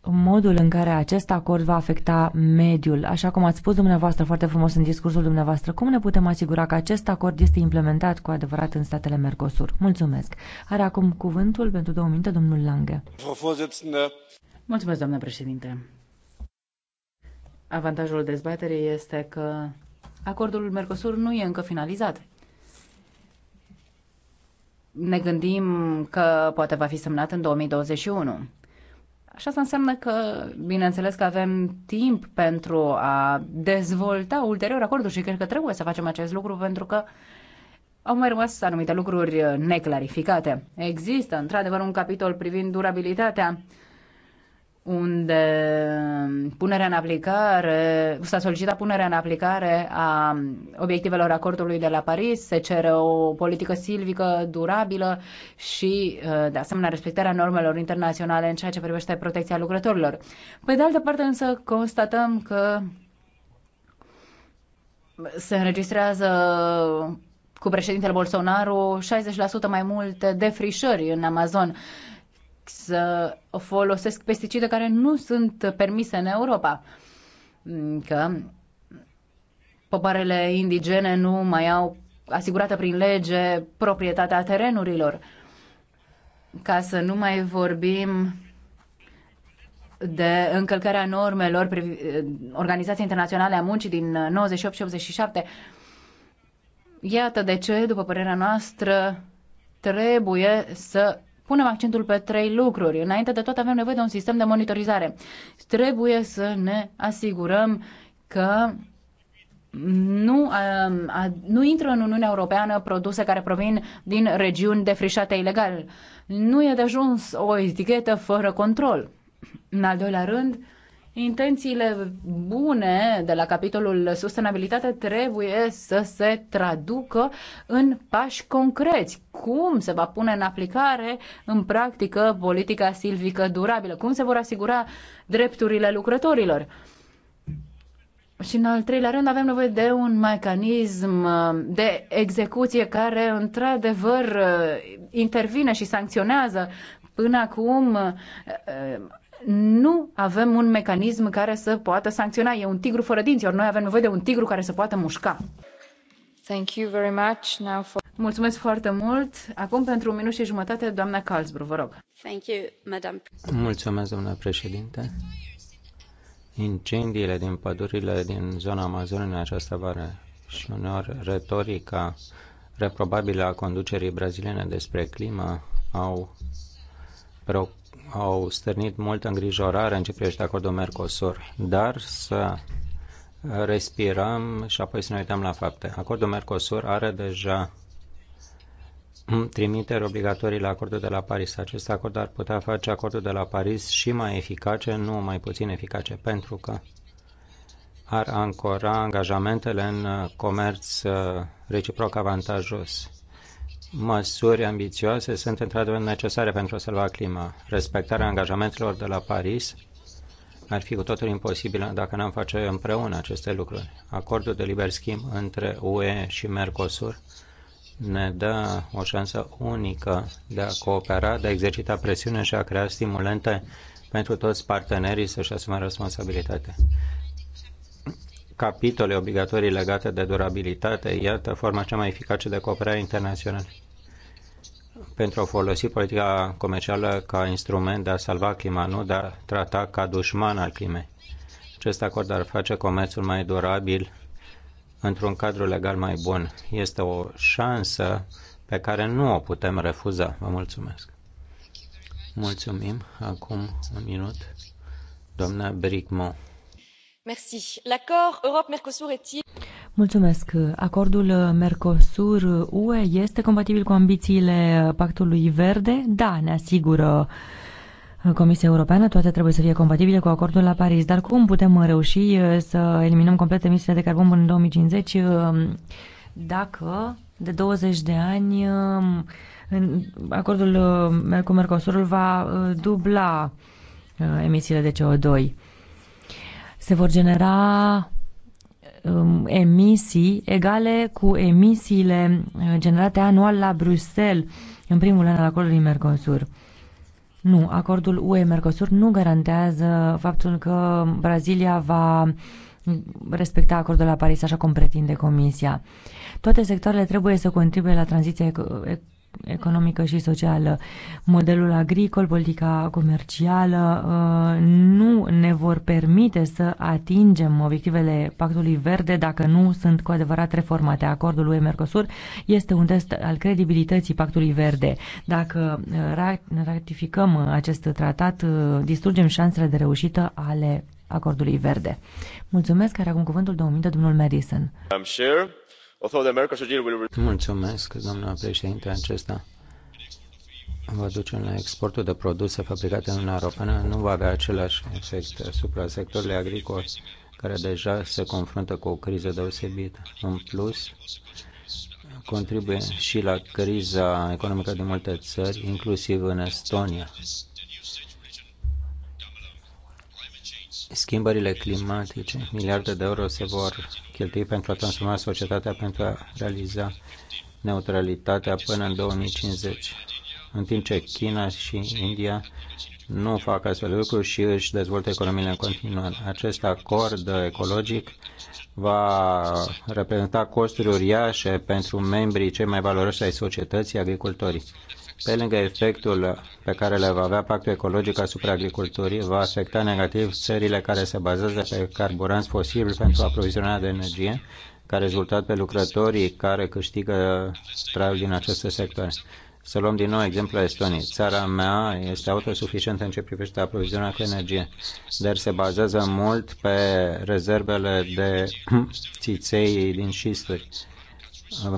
modul în care acest acord va afecta mediul, așa cum ați spus dumneavoastră foarte frumos în discursul dumneavoastră, cum ne putem asigura că acest acord este implementat cu adevărat în statele Mercosur? Mulțumesc. Are acum cuvântul pentru două minute domnul Lange. Mulțumesc, doamnă președinte. Avantajul dezbaterii este că acordul Mercosur nu e încă finalizat ne gândim că poate va fi semnat în 2021. Așa asta înseamnă că, bineînțeles, că avem timp pentru a dezvolta ulterior acordul și cred că trebuie să facem acest lucru pentru că au mai rămas anumite lucruri neclarificate. Există, într-adevăr, un capitol privind durabilitatea unde punerea în aplicare, s-a solicitat punerea în aplicare a obiectivelor acordului de la Paris, se cere o politică silvică durabilă și, uh, de asemenea, respectarea normelor internaționale în ceea ce privește protecția lucrătorilor. Pe de altă parte, însă, constatăm că se înregistrează cu președintele Bolsonaro 60% mai multe defrișări în Amazon. Uh, să folosesc pesticide care nu sunt permise în Europa. Că popoarele indigene nu mai au asigurată prin lege proprietatea terenurilor. Ca să nu mai vorbim de încălcarea normelor Organizației Internaționale a Muncii din 98 și 87. Iată de ce, după părerea noastră, trebuie să punem accentul pe trei lucruri. Înainte de tot avem nevoie de un sistem de monitorizare. Trebuie să ne asigurăm că nu, um, a, nu intră în Uniunea Europeană produse care provin din regiuni defrișate ilegal. Nu e de ajuns o etichetă fără control. În al doilea rând, intențiile bune de la capitolul sustenabilitate trebuie să se traducă în pași concreți. Cum se va pune în aplicare, în practică, politica silvică durabilă? Cum se vor asigura drepturile lucrătorilor? Și în al treilea rând avem nevoie de un mecanism uh, de execuție care într-adevăr uh, intervine și sancționează. Până acum uh, nu avem un mecanism care să poată sancționa. E un tigru fără dinți, ori noi avem nevoie de un tigru care să poată mușca. Thank you very much. Now for... Mulțumesc foarte mult. Acum, pentru un minut și jumătate, doamna Calsbru, vă rog. Thank you, madam. Mulțumesc, doamna președinte. Incendiile din pădurile din zona Amazonului în această vară și uneori retorica reprobabilă a conducerii braziliene despre climă au preocupat au stârnit multă îngrijorare în ce privește acordul Mercosur, dar să respirăm și apoi să ne uităm la fapte. Acordul Mercosur are deja trimiteri obligatorii la acordul de la Paris. Acest acord ar putea face acordul de la Paris și mai eficace, nu mai puțin eficace, pentru că ar ancora angajamentele în comerț uh, reciproc avantajos măsuri ambițioase sunt într-adevăr necesare pentru a salva clima. Respectarea angajamentelor de la Paris ar fi cu totul imposibilă dacă n-am face împreună aceste lucruri. Acordul de liber schimb între UE și Mercosur ne dă o șansă unică de a coopera, de a exercita presiune și a crea stimulente pentru toți partenerii să-și asume responsabilitatea capitole obligatorii legate de durabilitate, iată forma cea mai eficace de cooperare internațională pentru a folosi politica comercială ca instrument de a salva clima, nu de a trata ca dușman al climei. Acest acord ar face comerțul mai durabil într-un cadru legal mai bun. Este o șansă pe care nu o putem refuza. Vă mulțumesc. Mulțumim. Acum un minut. Doamna Brigmont. Mulțumesc. Acordul Mercosur-UE este compatibil cu ambițiile Pactului Verde? Da, ne asigură Comisia Europeană, toate trebuie să fie compatibile cu acordul la Paris. Dar cum putem reuși uh, să eliminăm complet emisiile de carbon până în 2050 uh, dacă de 20 de ani uh, acordul cu Mercosurul va dubla emisiile de CO2? se vor genera um, emisii egale cu emisiile uh, generate anual la Bruxelles în primul an al acordului Mercosur. Nu, acordul UE-Mercosur nu garantează faptul că Brazilia va respecta acordul la Paris așa cum pretinde Comisia. Toate sectoarele trebuie să contribuie la tranziția economică și socială. Modelul agricol, politica comercială uh, nu ne vor permite să atingem obiectivele Pactului Verde dacă nu sunt cu adevărat reformate. Acordul UE-Mercosur este un test al credibilității Pactului Verde. Dacă uh, ratificăm acest tratat, uh, distrugem șansele de reușită ale acordului verde. Mulțumesc, care acum cuvântul domnul Madison. I'm sure. Mulțumesc, domnule președinte, acesta va duce la exportul de produse fabricate în Uniunea Europeană, nu va avea același efect asupra sectorului agricol, care deja se confruntă cu o criză deosebită. În plus, contribuie și la criza economică de multe țări, inclusiv în Estonia. schimbările climatice. Miliarde de euro se vor cheltui pentru a transforma societatea pentru a realiza neutralitatea până în 2050, în timp ce China și India nu fac astfel de lucruri și își dezvoltă economiile în continuare. Acest acord ecologic va reprezenta costuri uriașe pentru membrii cei mai valoroși ai societății, agricultorii. Pe lângă efectul pe care le va avea pactul ecologic asupra agriculturii, va afecta negativ țările care se bazează pe carburanți fosili pentru aprovizionarea de energie, ca rezultat pe lucrătorii care câștigă traiul din aceste sectoare. Să luăm din nou exemplul Estoniei. Țara mea este autosuficientă în ce privește aprovizionarea cu energie, dar se bazează mult pe rezervele de țiței din șisturi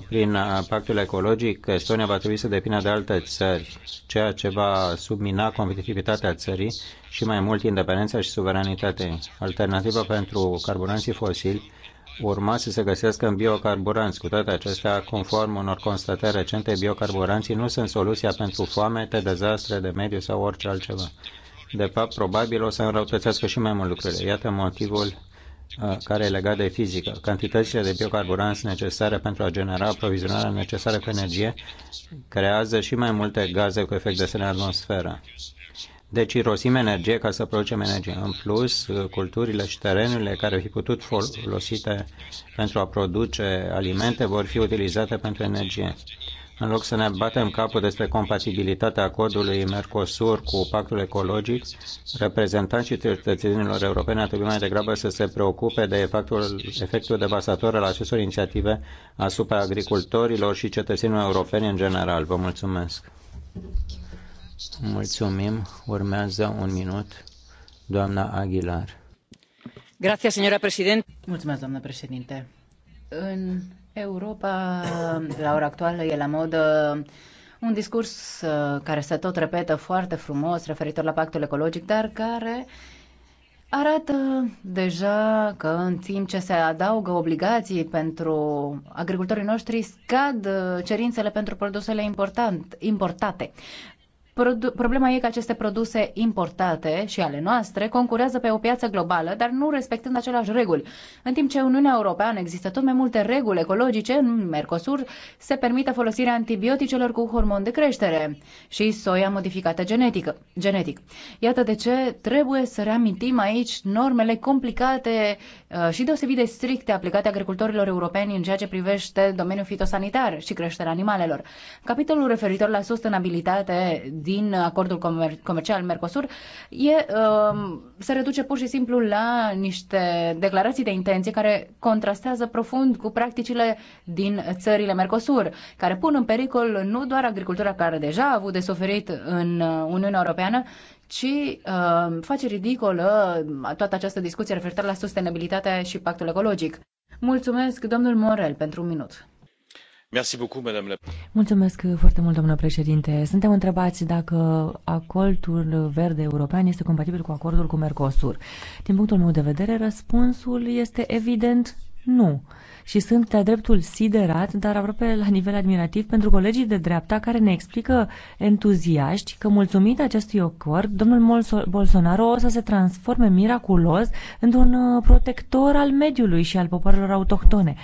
prin pactul ecologic, Estonia va trebui să depină de alte țări, ceea ce va submina competitivitatea țării și mai mult independența și suveranitatea. Alternativa pentru carburanții fosili urma să se găsească în biocarburanți. Cu toate acestea, conform unor constatări recente, biocarburanții nu sunt soluția pentru foamete, dezastre de mediu sau orice altceva. De fapt, probabil o să înrăutățească și mai mult lucrurile. Iată motivul care e legat de fizică. Cantitățile de biocarburanți necesare pentru a genera aprovizionarea necesară cu energie creează și mai multe gaze cu efect de sene în atmosferă. Deci irosim energie ca să producem energie. În plus, culturile și terenurile care au fi putut folosite pentru a produce alimente vor fi utilizate pentru energie. În loc să ne batem capul despre compatibilitatea acordului Mercosur cu pactul ecologic, reprezentanții cetățenilor europene ar trebui mai degrabă să se preocupe de efectul, efectul devastator al acestor inițiative asupra agricultorilor și cetățenilor europeni în general. Vă mulțumesc! Mulțumim. Urmează un minut, doamna Aguilar. Grazie, Mulțumesc, doamnă președinte. În Europa, la ora actuală, e la modă un discurs uh, care se tot repetă foarte frumos referitor la pactul ecologic, dar care arată deja că în timp ce se adaugă obligații pentru agricultorii noștri, scad uh, cerințele pentru produsele importante, importate. Problema e că aceste produse importate și ale noastre concurează pe o piață globală, dar nu respectând aceleași reguli. În timp ce în Uniunea Europeană există tot mai multe reguli ecologice, în Mercosur se permite folosirea antibioticelor cu hormon de creștere și soia modificată genetică, genetic. Iată de ce trebuie să reamintim aici normele complicate Uh, și deosebit de stricte aplicate agricultorilor europeni în ceea ce privește domeniul fitosanitar și creșterea animalelor. Capitolul referitor la sustenabilitate din acordul comer- comercial Mercosur e, uh, se reduce pur și simplu la niște declarații de intenție care contrastează profund cu practicile din țările Mercosur, care pun în pericol nu doar agricultura care deja a avut de suferit în uh, Uniunea Europeană, ci uh, face ridicolă uh, toată această discuție referitoare la sustenabilitatea și pactul ecologic. Mulțumesc, domnul Morel, pentru un minut. Mulțumesc foarte mult, domnule președinte. Suntem întrebați dacă acordul verde european este compatibil cu acordul cu Mercosur. Din punctul meu de vedere, răspunsul este evident nu. Și sunt de-a dreptul siderat, dar aproape la nivel admirativ, pentru colegii de dreapta care ne explică entuziaști că, mulțumit acestui acord, domnul Bolsonaro o să se transforme miraculos într-un uh, protector al mediului și al popoarelor autohtone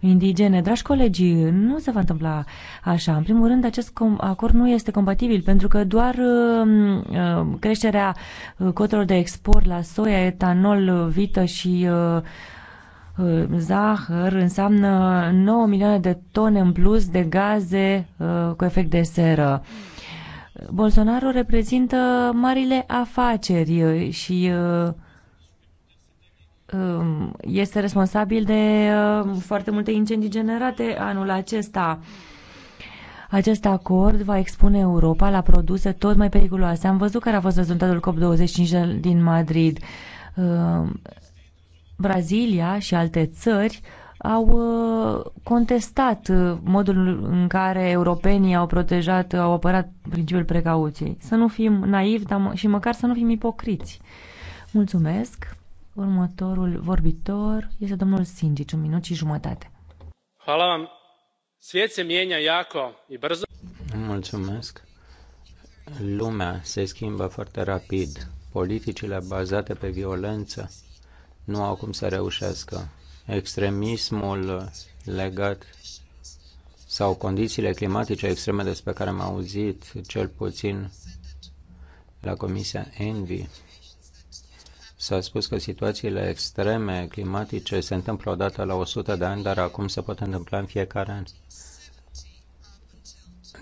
indigene. Dragi colegi, nu se va întâmpla așa. În primul rând, acest acord nu este compatibil pentru că doar uh, uh creșterea uh, cotelor de export la soia, etanol, vită și uh, Uh, zahăr înseamnă 9 milioane de tone în plus de gaze uh, cu efect de seră. Bolsonaro reprezintă marile afaceri uh, și um, este responsabil de foarte multe incendii generate anul acesta. Acest acord va expune Europa la produse tot mai periculoase. Am văzut care a fost rezultatul COP25 din Madrid Brazilia și alte țări au uh, contestat uh, modul în care europenii au protejat, au apărat principiul precauției. Să nu fim naivi dar și măcar să nu fim ipocriți. Mulțumesc. Următorul vorbitor este domnul Singici, un minut și jumătate. Hvala vam. se mijenja jako i brzo. Mulțumesc. Lumea se schimbă foarte rapid. Politicile bazate pe violență nu au cum să reușească. Extremismul legat sau condițiile climatice extreme despre care am auzit, cel puțin la Comisia Envi, S-a spus că situațiile extreme climatice se întâmplă odată la 100 de ani, dar acum se pot întâmpla în fiecare an.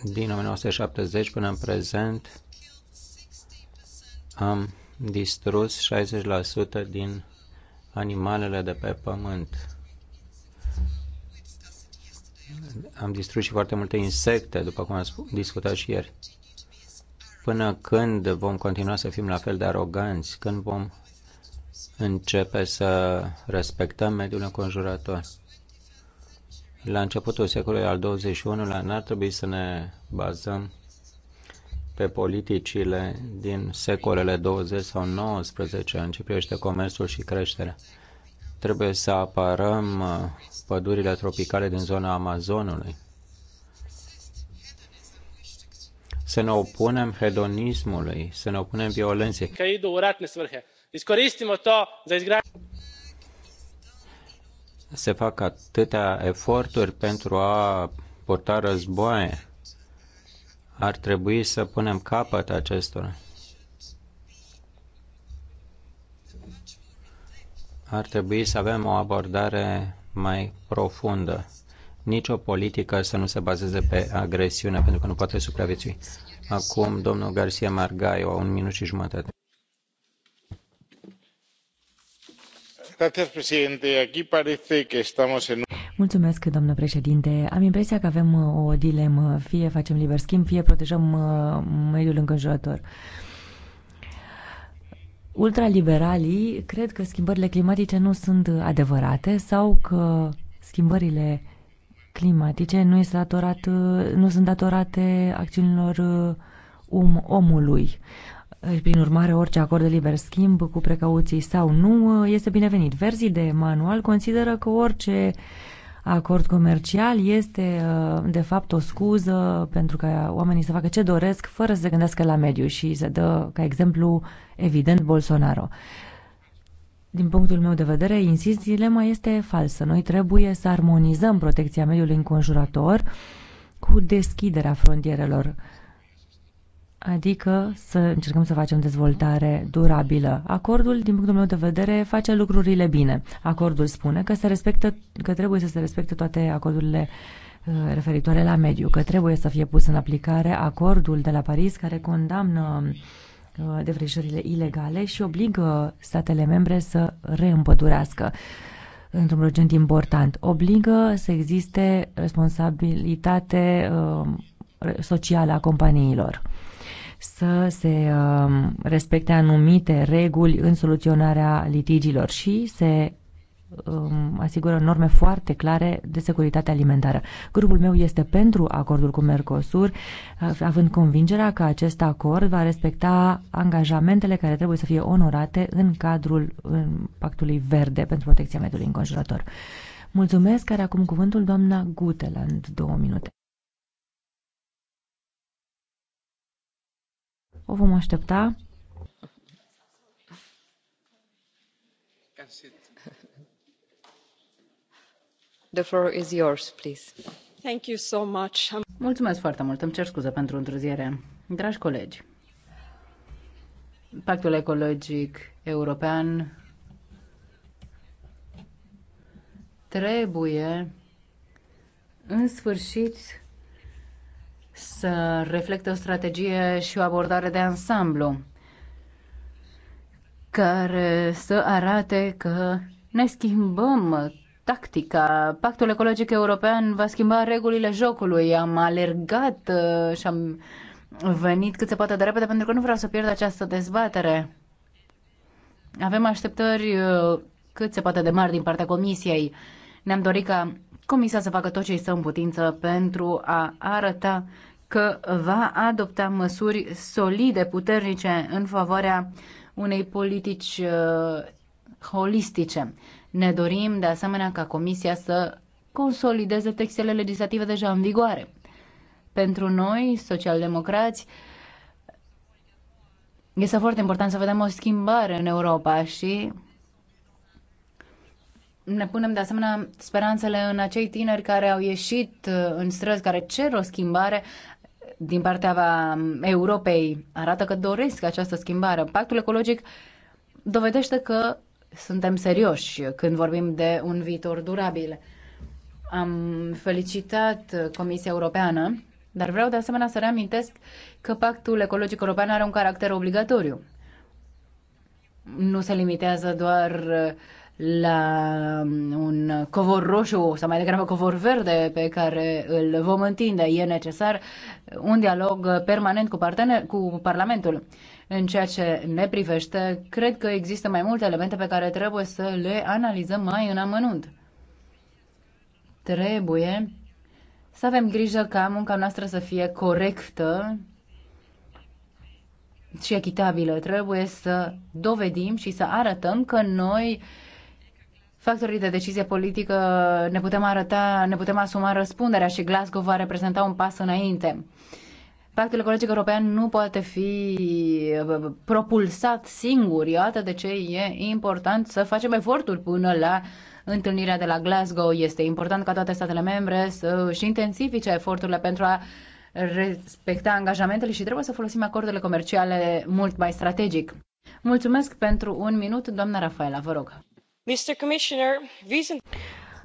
Din 1970 până în prezent am distrus 60% din animalele de pe pământ. Am distrus și foarte multe insecte, după cum am discutat și ieri. Până când vom continua să fim la fel de aroganți? Când vom începe să respectăm mediul înconjurător? La începutul secolului al XXI-lea n-ar trebui să ne bazăm pe politicile din secolele 20 sau 19 în ce privește comerțul și creșterea. Trebuie să apărăm uh, pădurile tropicale din zona Amazonului. Să ne opunem hedonismului, să ne opunem violenței. Se fac atâtea eforturi pentru a purta războaie ar trebui să punem capăt acestora. Ar trebui să avem o abordare mai profundă. Nici o politică să nu se bazeze pe agresiune, pentru că nu poate supraviețui. Acum, domnul Garcia Margaio, un minut și jumătate. Gracias, presidente. Aquí parece que estamos en Mulțumesc, domnule președinte. Am impresia că avem uh, o dilemă. Fie facem liber schimb, fie protejăm uh, mediul înconjurător. Ultraliberalii cred că schimbările climatice nu sunt adevărate sau că schimbările climatice nu, este datorat, uh, nu sunt datorate acțiunilor um, omului. Prin urmare, orice acord de liber schimb, cu precauții sau nu, este binevenit. Verzii de manual consideră că orice uh, acord comercial este uh, de fapt o scuză pentru ca oamenii să facă ce doresc fără să se gândească la mediu și se dă ca exemplu evident Bolsonaro. Din punctul meu de vedere, insist, dilema este falsă. Noi trebuie să armonizăm protecția mediului înconjurător cu deschiderea frontierelor adică să încercăm să facem dezvoltare durabilă. Acordul, din punctul meu de vedere, face lucrurile bine. Acordul spune că, se respectă, că trebuie să se respecte toate acordurile uh, referitoare la mediu, că trebuie să fie pus în aplicare acordul de la Paris care condamnă uh, defrișările ilegale și obligă statele membre să reîmpădurească într-un procent important. Obligă să existe responsabilitate uh, socială a companiilor să se um, respecte anumite reguli în soluționarea litigilor și se um, asigură norme foarte clare de securitate alimentară. Grupul meu este pentru acordul cu Mercosur, uh, având convingerea că acest acord va respecta angajamentele care trebuie să fie onorate în cadrul în pactului verde pentru protecția mediului înconjurător. Mulțumesc, care acum cuvântul doamna Guteland, două minute. O vom aștepta. The floor is yours, please. Thank you so much. Mulțumesc foarte mult. Îmi cer scuze pentru întârziere. Dragi colegi, Pactul Ecologic European trebuie în sfârșit să reflecte o strategie și o abordare de ansamblu care să arate că ne schimbăm tactica. Pactul ecologic european va schimba regulile jocului. Am alergat uh, și am venit cât se poate de repede pentru că nu vreau să pierd această dezbatere. Avem așteptări uh, cât se poate de mari din partea comisiei. Ne-am dorit ca comisia să facă tot ce îi stă în putință pentru a arăta că va adopta măsuri solide, puternice în favoarea unei politici uh, holistice. Ne dorim de asemenea ca Comisia să consolideze textele legislative deja în vigoare. Pentru noi, socialdemocrați, este foarte important să vedem o schimbare în Europa și ne punem de asemenea speranțele în acei tineri care au ieșit uh, în străzi, care cer o schimbare, din partea Europei arată că doresc această schimbare. Pactul ecologic dovedește că suntem serioși când vorbim de un viitor durabil. Am felicitat Comisia Europeană, dar vreau de asemenea să reamintesc că Pactul Ecologic European are un caracter obligatoriu. Nu se limitează doar uh, la um, un covor roșu sau mai degrabă covor verde pe care îl vom întinde. E necesar un dialog uh, permanent cu, partener, cu Parlamentul. În ceea ce ne privește, cred că există mai multe elemente pe care trebuie să le analizăm mai în amănunt. Trebuie să avem grijă ca munca noastră să fie corectă și echitabilă. Trebuie să dovedim și să arătăm că noi uh, factorii de decizie politică ne putem arăta, ne putem asuma răspunderea și Glasgow va reprezenta un pas înainte. Pactul ecologic european nu poate fi uh, propulsat singur. Iată de ce e important să facem eforturi până la întâlnirea de la Glasgow. Este important ca toate statele membre să își intensifice eforturile pentru a respecta angajamentele și trebuie să folosim acordurile comerciale mult mai strategic. Mulțumesc pentru un minut, doamna Rafaela, vă rog.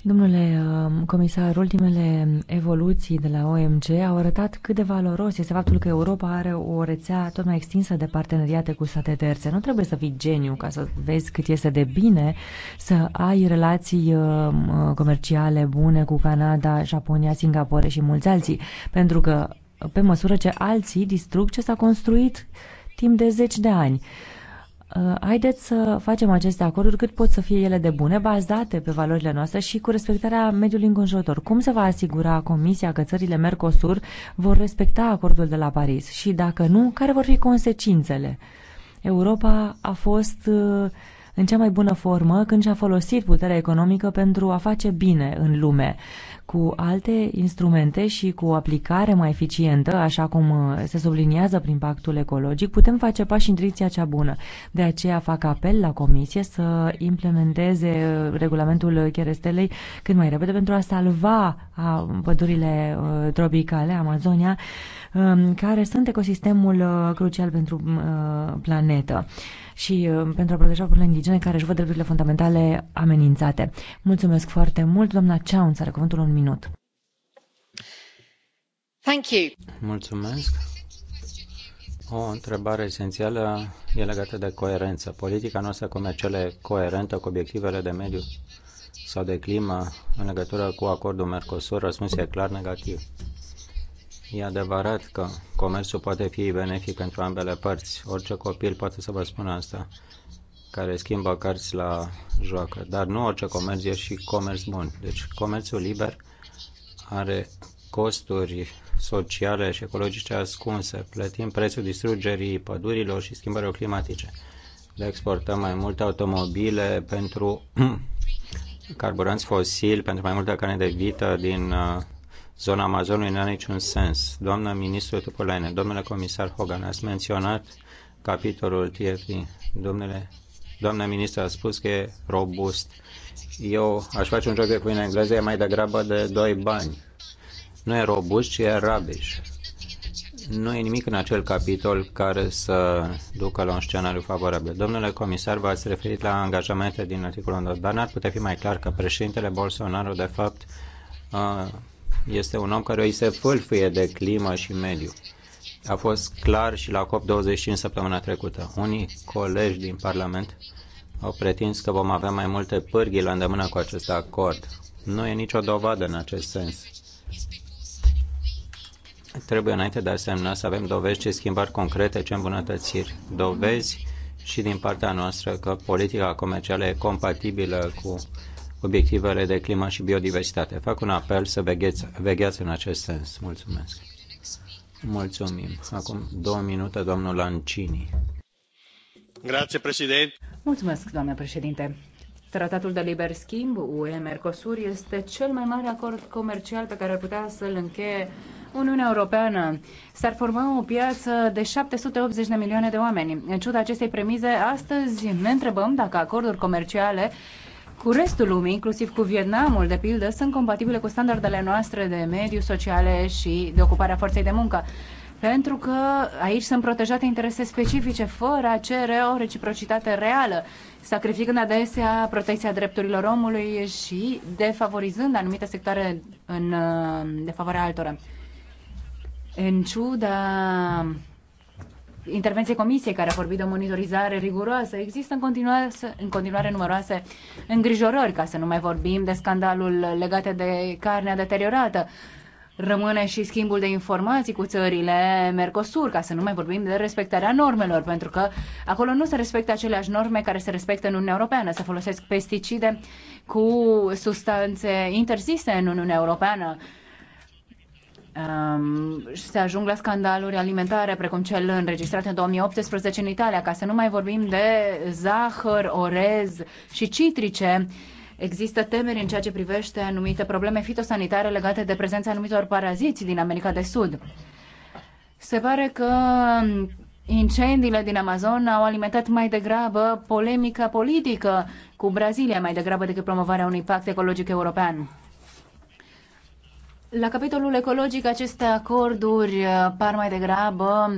Domnule uh, comisar, ultimele evoluții de la OMC au arătat cât de valoros este faptul că Europa are o rețea tot mai extinsă de parteneriate cu state terțe. Nu trebuie să fii geniu ca să vezi cât este de bine să ai relații uh, uh, comerciale bune cu Canada, Japonia, Singapore și mulți alții, pentru că pe măsură ce alții distrug ce s-a construit timp de zeci de ani. Uh, haideți să facem aceste acorduri cât pot să fie ele de bune, bazate pe valorile noastre și cu respectarea mediului înconjurător. Cum se va asigura Comisia că țările Mercosur vor respecta acordul de la Paris? Și dacă nu, care vor fi consecințele? Europa a fost uh, în cea mai bună formă când și-a folosit puterea economică pentru a face bine în lume cu alte instrumente și cu o aplicare mai eficientă, așa cum uh, se subliniază prin pactul ecologic, putem face pași în direcția cea bună. De aceea fac apel la Comisie să implementeze uh, regulamentul cherestelei cât mai repede pentru a salva uh, pădurile tropicale, Amazonia, Um, care sunt ecosistemul uh, crucial pentru uh, planetă și uh, pentru a proteja popoarele indigene care își văd drepturile fundamentale amenințate. Mulțumesc foarte mult, doamna Ceaunț, are cuvântul un minut. Thank you. Mulțumesc. O întrebare esențială e legată de coerență. Politica noastră comercială e coerentă cu obiectivele de mediu sau de climă în legătură cu acordul Mercosur? Răspunsul e clar negativ. E adevărat că comerțul poate fi benefic pentru ambele părți. Orice copil poate să vă spună asta, care schimbă cărți la joacă. Dar nu orice comerț e și comerț bun. Deci comerțul liber are costuri sociale și ecologice ascunse. Plătim prețul distrugerii pădurilor și schimbărilor climatice. Le exportăm mai multe automobile pentru carburanți fosili, pentru mai multe carne de vită din uh, zona Amazonului nu are niciun sens. Doamna ministru Tupulainen, domnule comisar Hogan, ați menționat capitolul TFI. Domnule, doamna ministru a spus că e robust. Eu aș face un joc de cuvinte engleză, e mai degrabă de doi bani. Nu e robust, ci e rubbish. Nu e nimic în acel capitol care să ducă la un scenariu favorabil. Domnule comisar, v-ați referit la angajamente din articolul 1, dar n-ar putea fi mai clar că președintele Bolsonaro, de fapt, este un om care îi se fâlfâie de climă și mediu. A fost clar și la COP25 săptămâna trecută. Unii colegi din Parlament au pretins că vom avea mai multe pârghii la îndemână cu acest acord. Nu e nicio dovadă în acest sens. Trebuie înainte de a semna să avem dovezi ce schimbări concrete, ce îmbunătățiri. Dovezi și din partea noastră că politica comercială e compatibilă cu obiectivele de climă și biodiversitate. Fac un apel să vegheți, vegheați în acest sens. Mulțumesc. Mulțumim. Acum două minute, domnul Lancini. Grazie, președinte. Mulțumesc, doamnă președinte. Tratatul de liber schimb UE-Mercosur este cel mai mare acord comercial pe care ar putea să-l încheie Uniunea Europeană. S-ar forma o piață de 780 de milioane de oameni. În ciuda acestei premize, astăzi ne întrebăm dacă acorduri comerciale cu restul lumii, inclusiv cu Vietnamul, de pildă, sunt compatibile cu standardele noastre de mediu, sociale și de ocupare a forței de muncă. Pentru că aici sunt protejate interese specifice, fără a cere o reciprocitate reală, sacrificând adesea protecția drepturilor omului și defavorizând anumite sectoare în defavoarea altora. În ciuda intervenției comisiei care a vorbit de o monitorizare riguroasă. Există în continuare, în continuare numeroase îngrijorări, ca să nu mai vorbim de scandalul legat de carnea deteriorată. Rămâne și schimbul de informații cu țările Mercosur, ca să nu mai vorbim de respectarea normelor, pentru că acolo nu se respectă aceleași norme care se respectă în Uniunea Europeană. Se folosesc pesticide cu substanțe interzise în Uniunea Europeană um, se ajung la scandaluri alimentare, precum cel înregistrat în 2018 în Italia, ca să nu mai vorbim de zahăr, orez și citrice. Există temeri în ceea ce privește anumite probleme fitosanitare legate de prezența anumitor paraziți din America de Sud. Se pare că Incendiile din Amazon au alimentat mai degrabă polemica politică cu Brazilia, mai degrabă decât promovarea unui pact ecologic european. La capitolul ecologic, aceste acorduri uh, par mai degrabă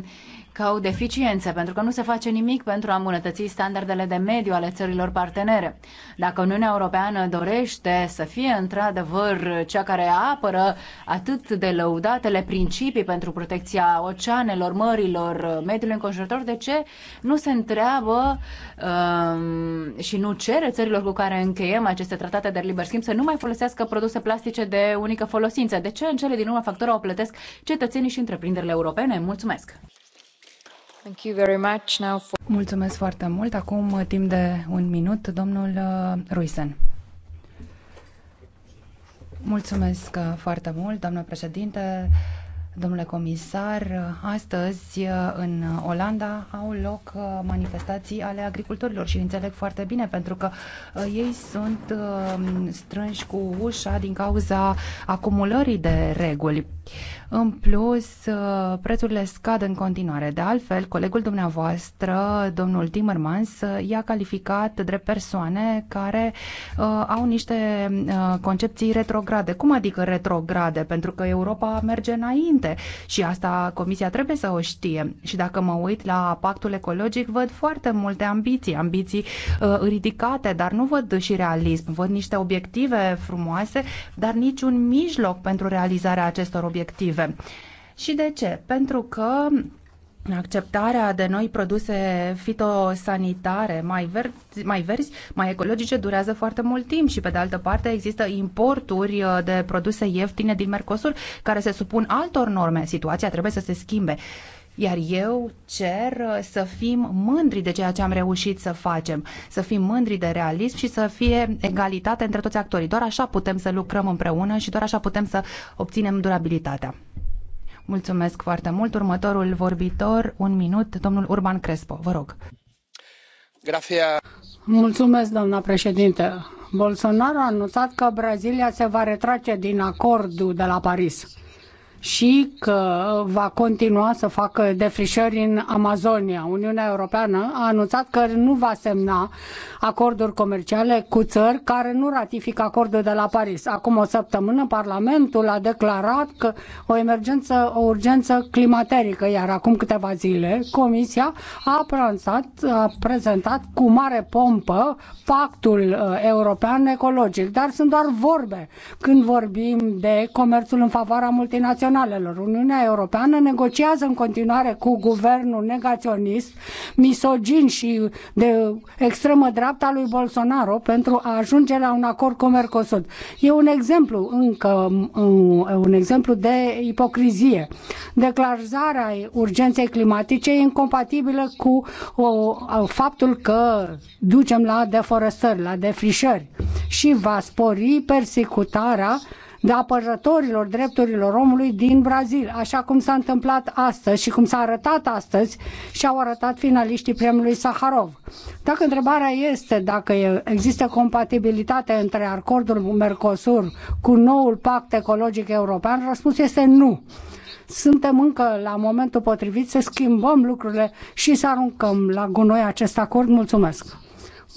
că au deficiențe, pentru că nu se face nimic pentru a îmbunătăți standardele de mediu ale țărilor partenere. Dacă Uniunea Europeană dorește să fie într-adevăr cea care apără atât de lăudatele principii pentru protecția oceanelor, mărilor, mediului înconjurător, de ce nu se întreabă um, și nu cere țărilor cu care încheiem aceste tratate de liber schimb să nu mai folosească produse plastice de unică folosință? De ce în cele din urmă factura o plătesc cetățenii și întreprinderile europene? Mulțumesc! Mulțumesc foarte mult. Acum, uh, timp de un minut, domnul uh, Ruisen. Mulțumesc uh, foarte mult, doamnă președinte. Domnule comisar, astăzi în Olanda au loc uh, manifestații ale agricultorilor și înțeleg foarte bine pentru că uh, ei sunt uh, strânși cu ușa din cauza acumulării de reguli. În plus, prețurile scad în continuare. De altfel, colegul dumneavoastră, domnul Timmermans, i-a calificat drept persoane care uh, au niște uh, concepții retrograde. Cum adică retrograde? Pentru că Europa merge înainte importante și asta Comisia trebuie să o știe. Și dacă mă uit la pactul ecologic, văd foarte multe ambiții, ambiții uh, ridicate, dar nu văd și realism. Văd niște obiective frumoase, dar niciun mijloc pentru realizarea acestor obiective. Și de ce? Pentru că Acceptarea de noi produse fitosanitare mai verzi, mai verzi, mai ecologice durează foarte mult timp și pe de altă parte există importuri uh, de produse ieftine din Mercosur care se supun altor norme. Situația trebuie să se schimbe. Iar eu cer uh, să fim mândri de ceea ce am reușit să facem, să fim mândri de realism și să fie egalitate între toți actorii. Doar așa putem să lucrăm împreună și doar așa putem să obținem durabilitatea. Mulțumesc foarte mult. Următorul vorbitor, un minut, domnul Urban Crespo, vă rog. Grafia. Mulțumesc, doamna președinte. Bolsonaro a anunțat că Brazilia se va retrage din acordul de la Paris și că va continua să facă defrișări în Amazonia. Uniunea Europeană a anunțat că nu va semna acorduri comerciale cu țări care nu ratifică acordul de la Paris. Acum o săptămână Parlamentul a declarat că o emergență, o urgență climaterică, iar acum câteva zile Comisia a, pransat, a prezentat cu mare pompă pactul uh, european ecologic. Dar sunt doar vorbe când vorbim de comerțul în favoarea multinațională naționalelor. Uniunea Europeană negociază în continuare cu guvernul negaționist, misogin și de extremă dreapta lui Bolsonaro pentru a ajunge la un acord cu Mercosur. E un exemplu încă, un exemplu de ipocrizie. Declararea urgenței climatice e incompatibilă cu faptul că ducem la deforestări, la defrișări și va spori persecutarea de apărătorilor drepturilor omului din Brazil, așa cum s-a întâmplat astăzi și cum s-a arătat astăzi și au arătat finaliștii premiului Saharov. Dacă întrebarea este dacă există compatibilitate între acordul Mercosur cu noul pact ecologic european, răspunsul este nu suntem încă la momentul potrivit să schimbăm lucrurile și să aruncăm la gunoi acest acord. Mulțumesc!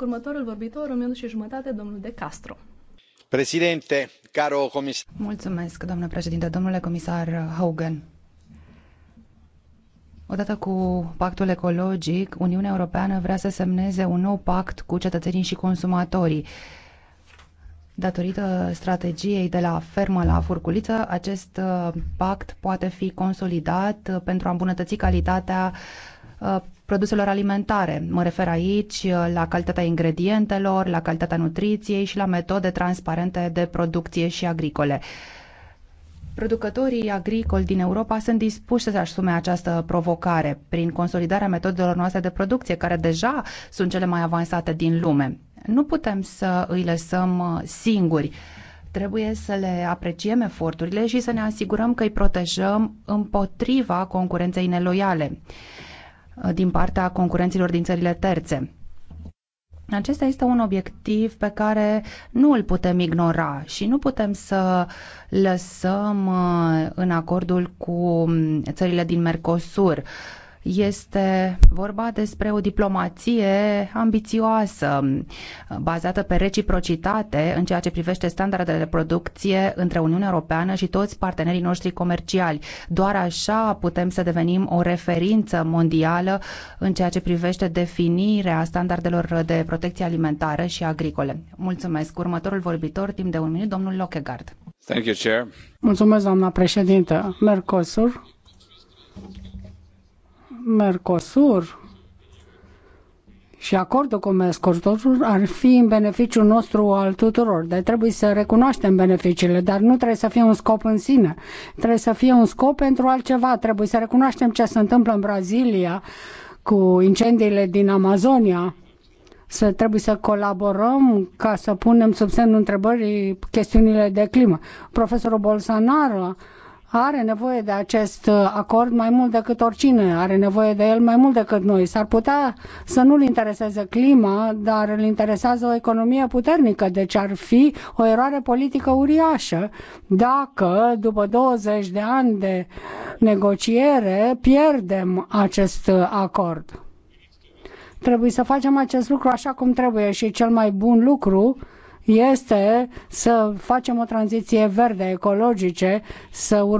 Următorul vorbitor, domnul De Castro. Președinte, caro Mulțumesc, doamnă președinte, domnule comisar Hogan. Odată cu pactul ecologic, Uniunea Europeană vrea să semneze un nou pact cu cetățenii și consumatorii. Datorită strategiei de la fermă la furculiță, acest uh, pact poate fi consolidat pentru a îmbunătăți calitatea uh, Uh, produselor alimentare. Mă refer aici uh, la calitatea ingredientelor, la calitatea nutriției și la metode transparente de producție și agricole. Producătorii agricoli din Europa sunt dispuși să-și asume această provocare prin consolidarea metodelor noastre de producție, care deja sunt cele mai avansate din lume. Nu putem să îi lăsăm uh, singuri. Trebuie să le apreciem eforturile și să ne asigurăm că îi protejăm împotriva concurenței neloiale. Uh, din partea concurenților din țările terțe. Acesta este un obiectiv pe care nu îl putem ignora și nu putem să lăsăm uh, în acordul cu um, țările din Mercosur este vorba despre o diplomație ambițioasă, bazată pe reciprocitate în ceea ce privește standardele de producție între Uniunea Europeană și toți partenerii noștri comerciali. Doar așa putem să devenim o referință mondială în ceea ce privește definirea standardelor de protecție alimentară și agricole. Mulțumesc. Următorul vorbitor, timp de un minut, domnul Lockegard. Thank you, Chair. Mulțumesc, doamna președintă. Mercosur Mercosur și acordul cu Mercosur ar fi în beneficiul nostru al tuturor. Deci trebuie să recunoaștem beneficiile, dar nu trebuie să fie un scop în sine. Trebuie să fie un scop pentru altceva. Trebuie să recunoaștem ce se întâmplă în Brazilia cu incendiile din Amazonia. Să trebuie să colaborăm ca să punem sub semnul întrebării chestiunile de climă. Profesorul Bolsonaro are nevoie de acest uh, acord mai mult decât oricine, are nevoie de el mai mult decât noi. S-ar putea să nu-l intereseze clima, dar îl interesează o economie puternică, deci ar fi o eroare politică uriașă dacă după 20 de ani de negociere pierdem acest uh, acord. Trebuie să facem acest lucru așa cum trebuie și cel mai bun lucru este să facem o tranziție verde, ecologice, să urmăm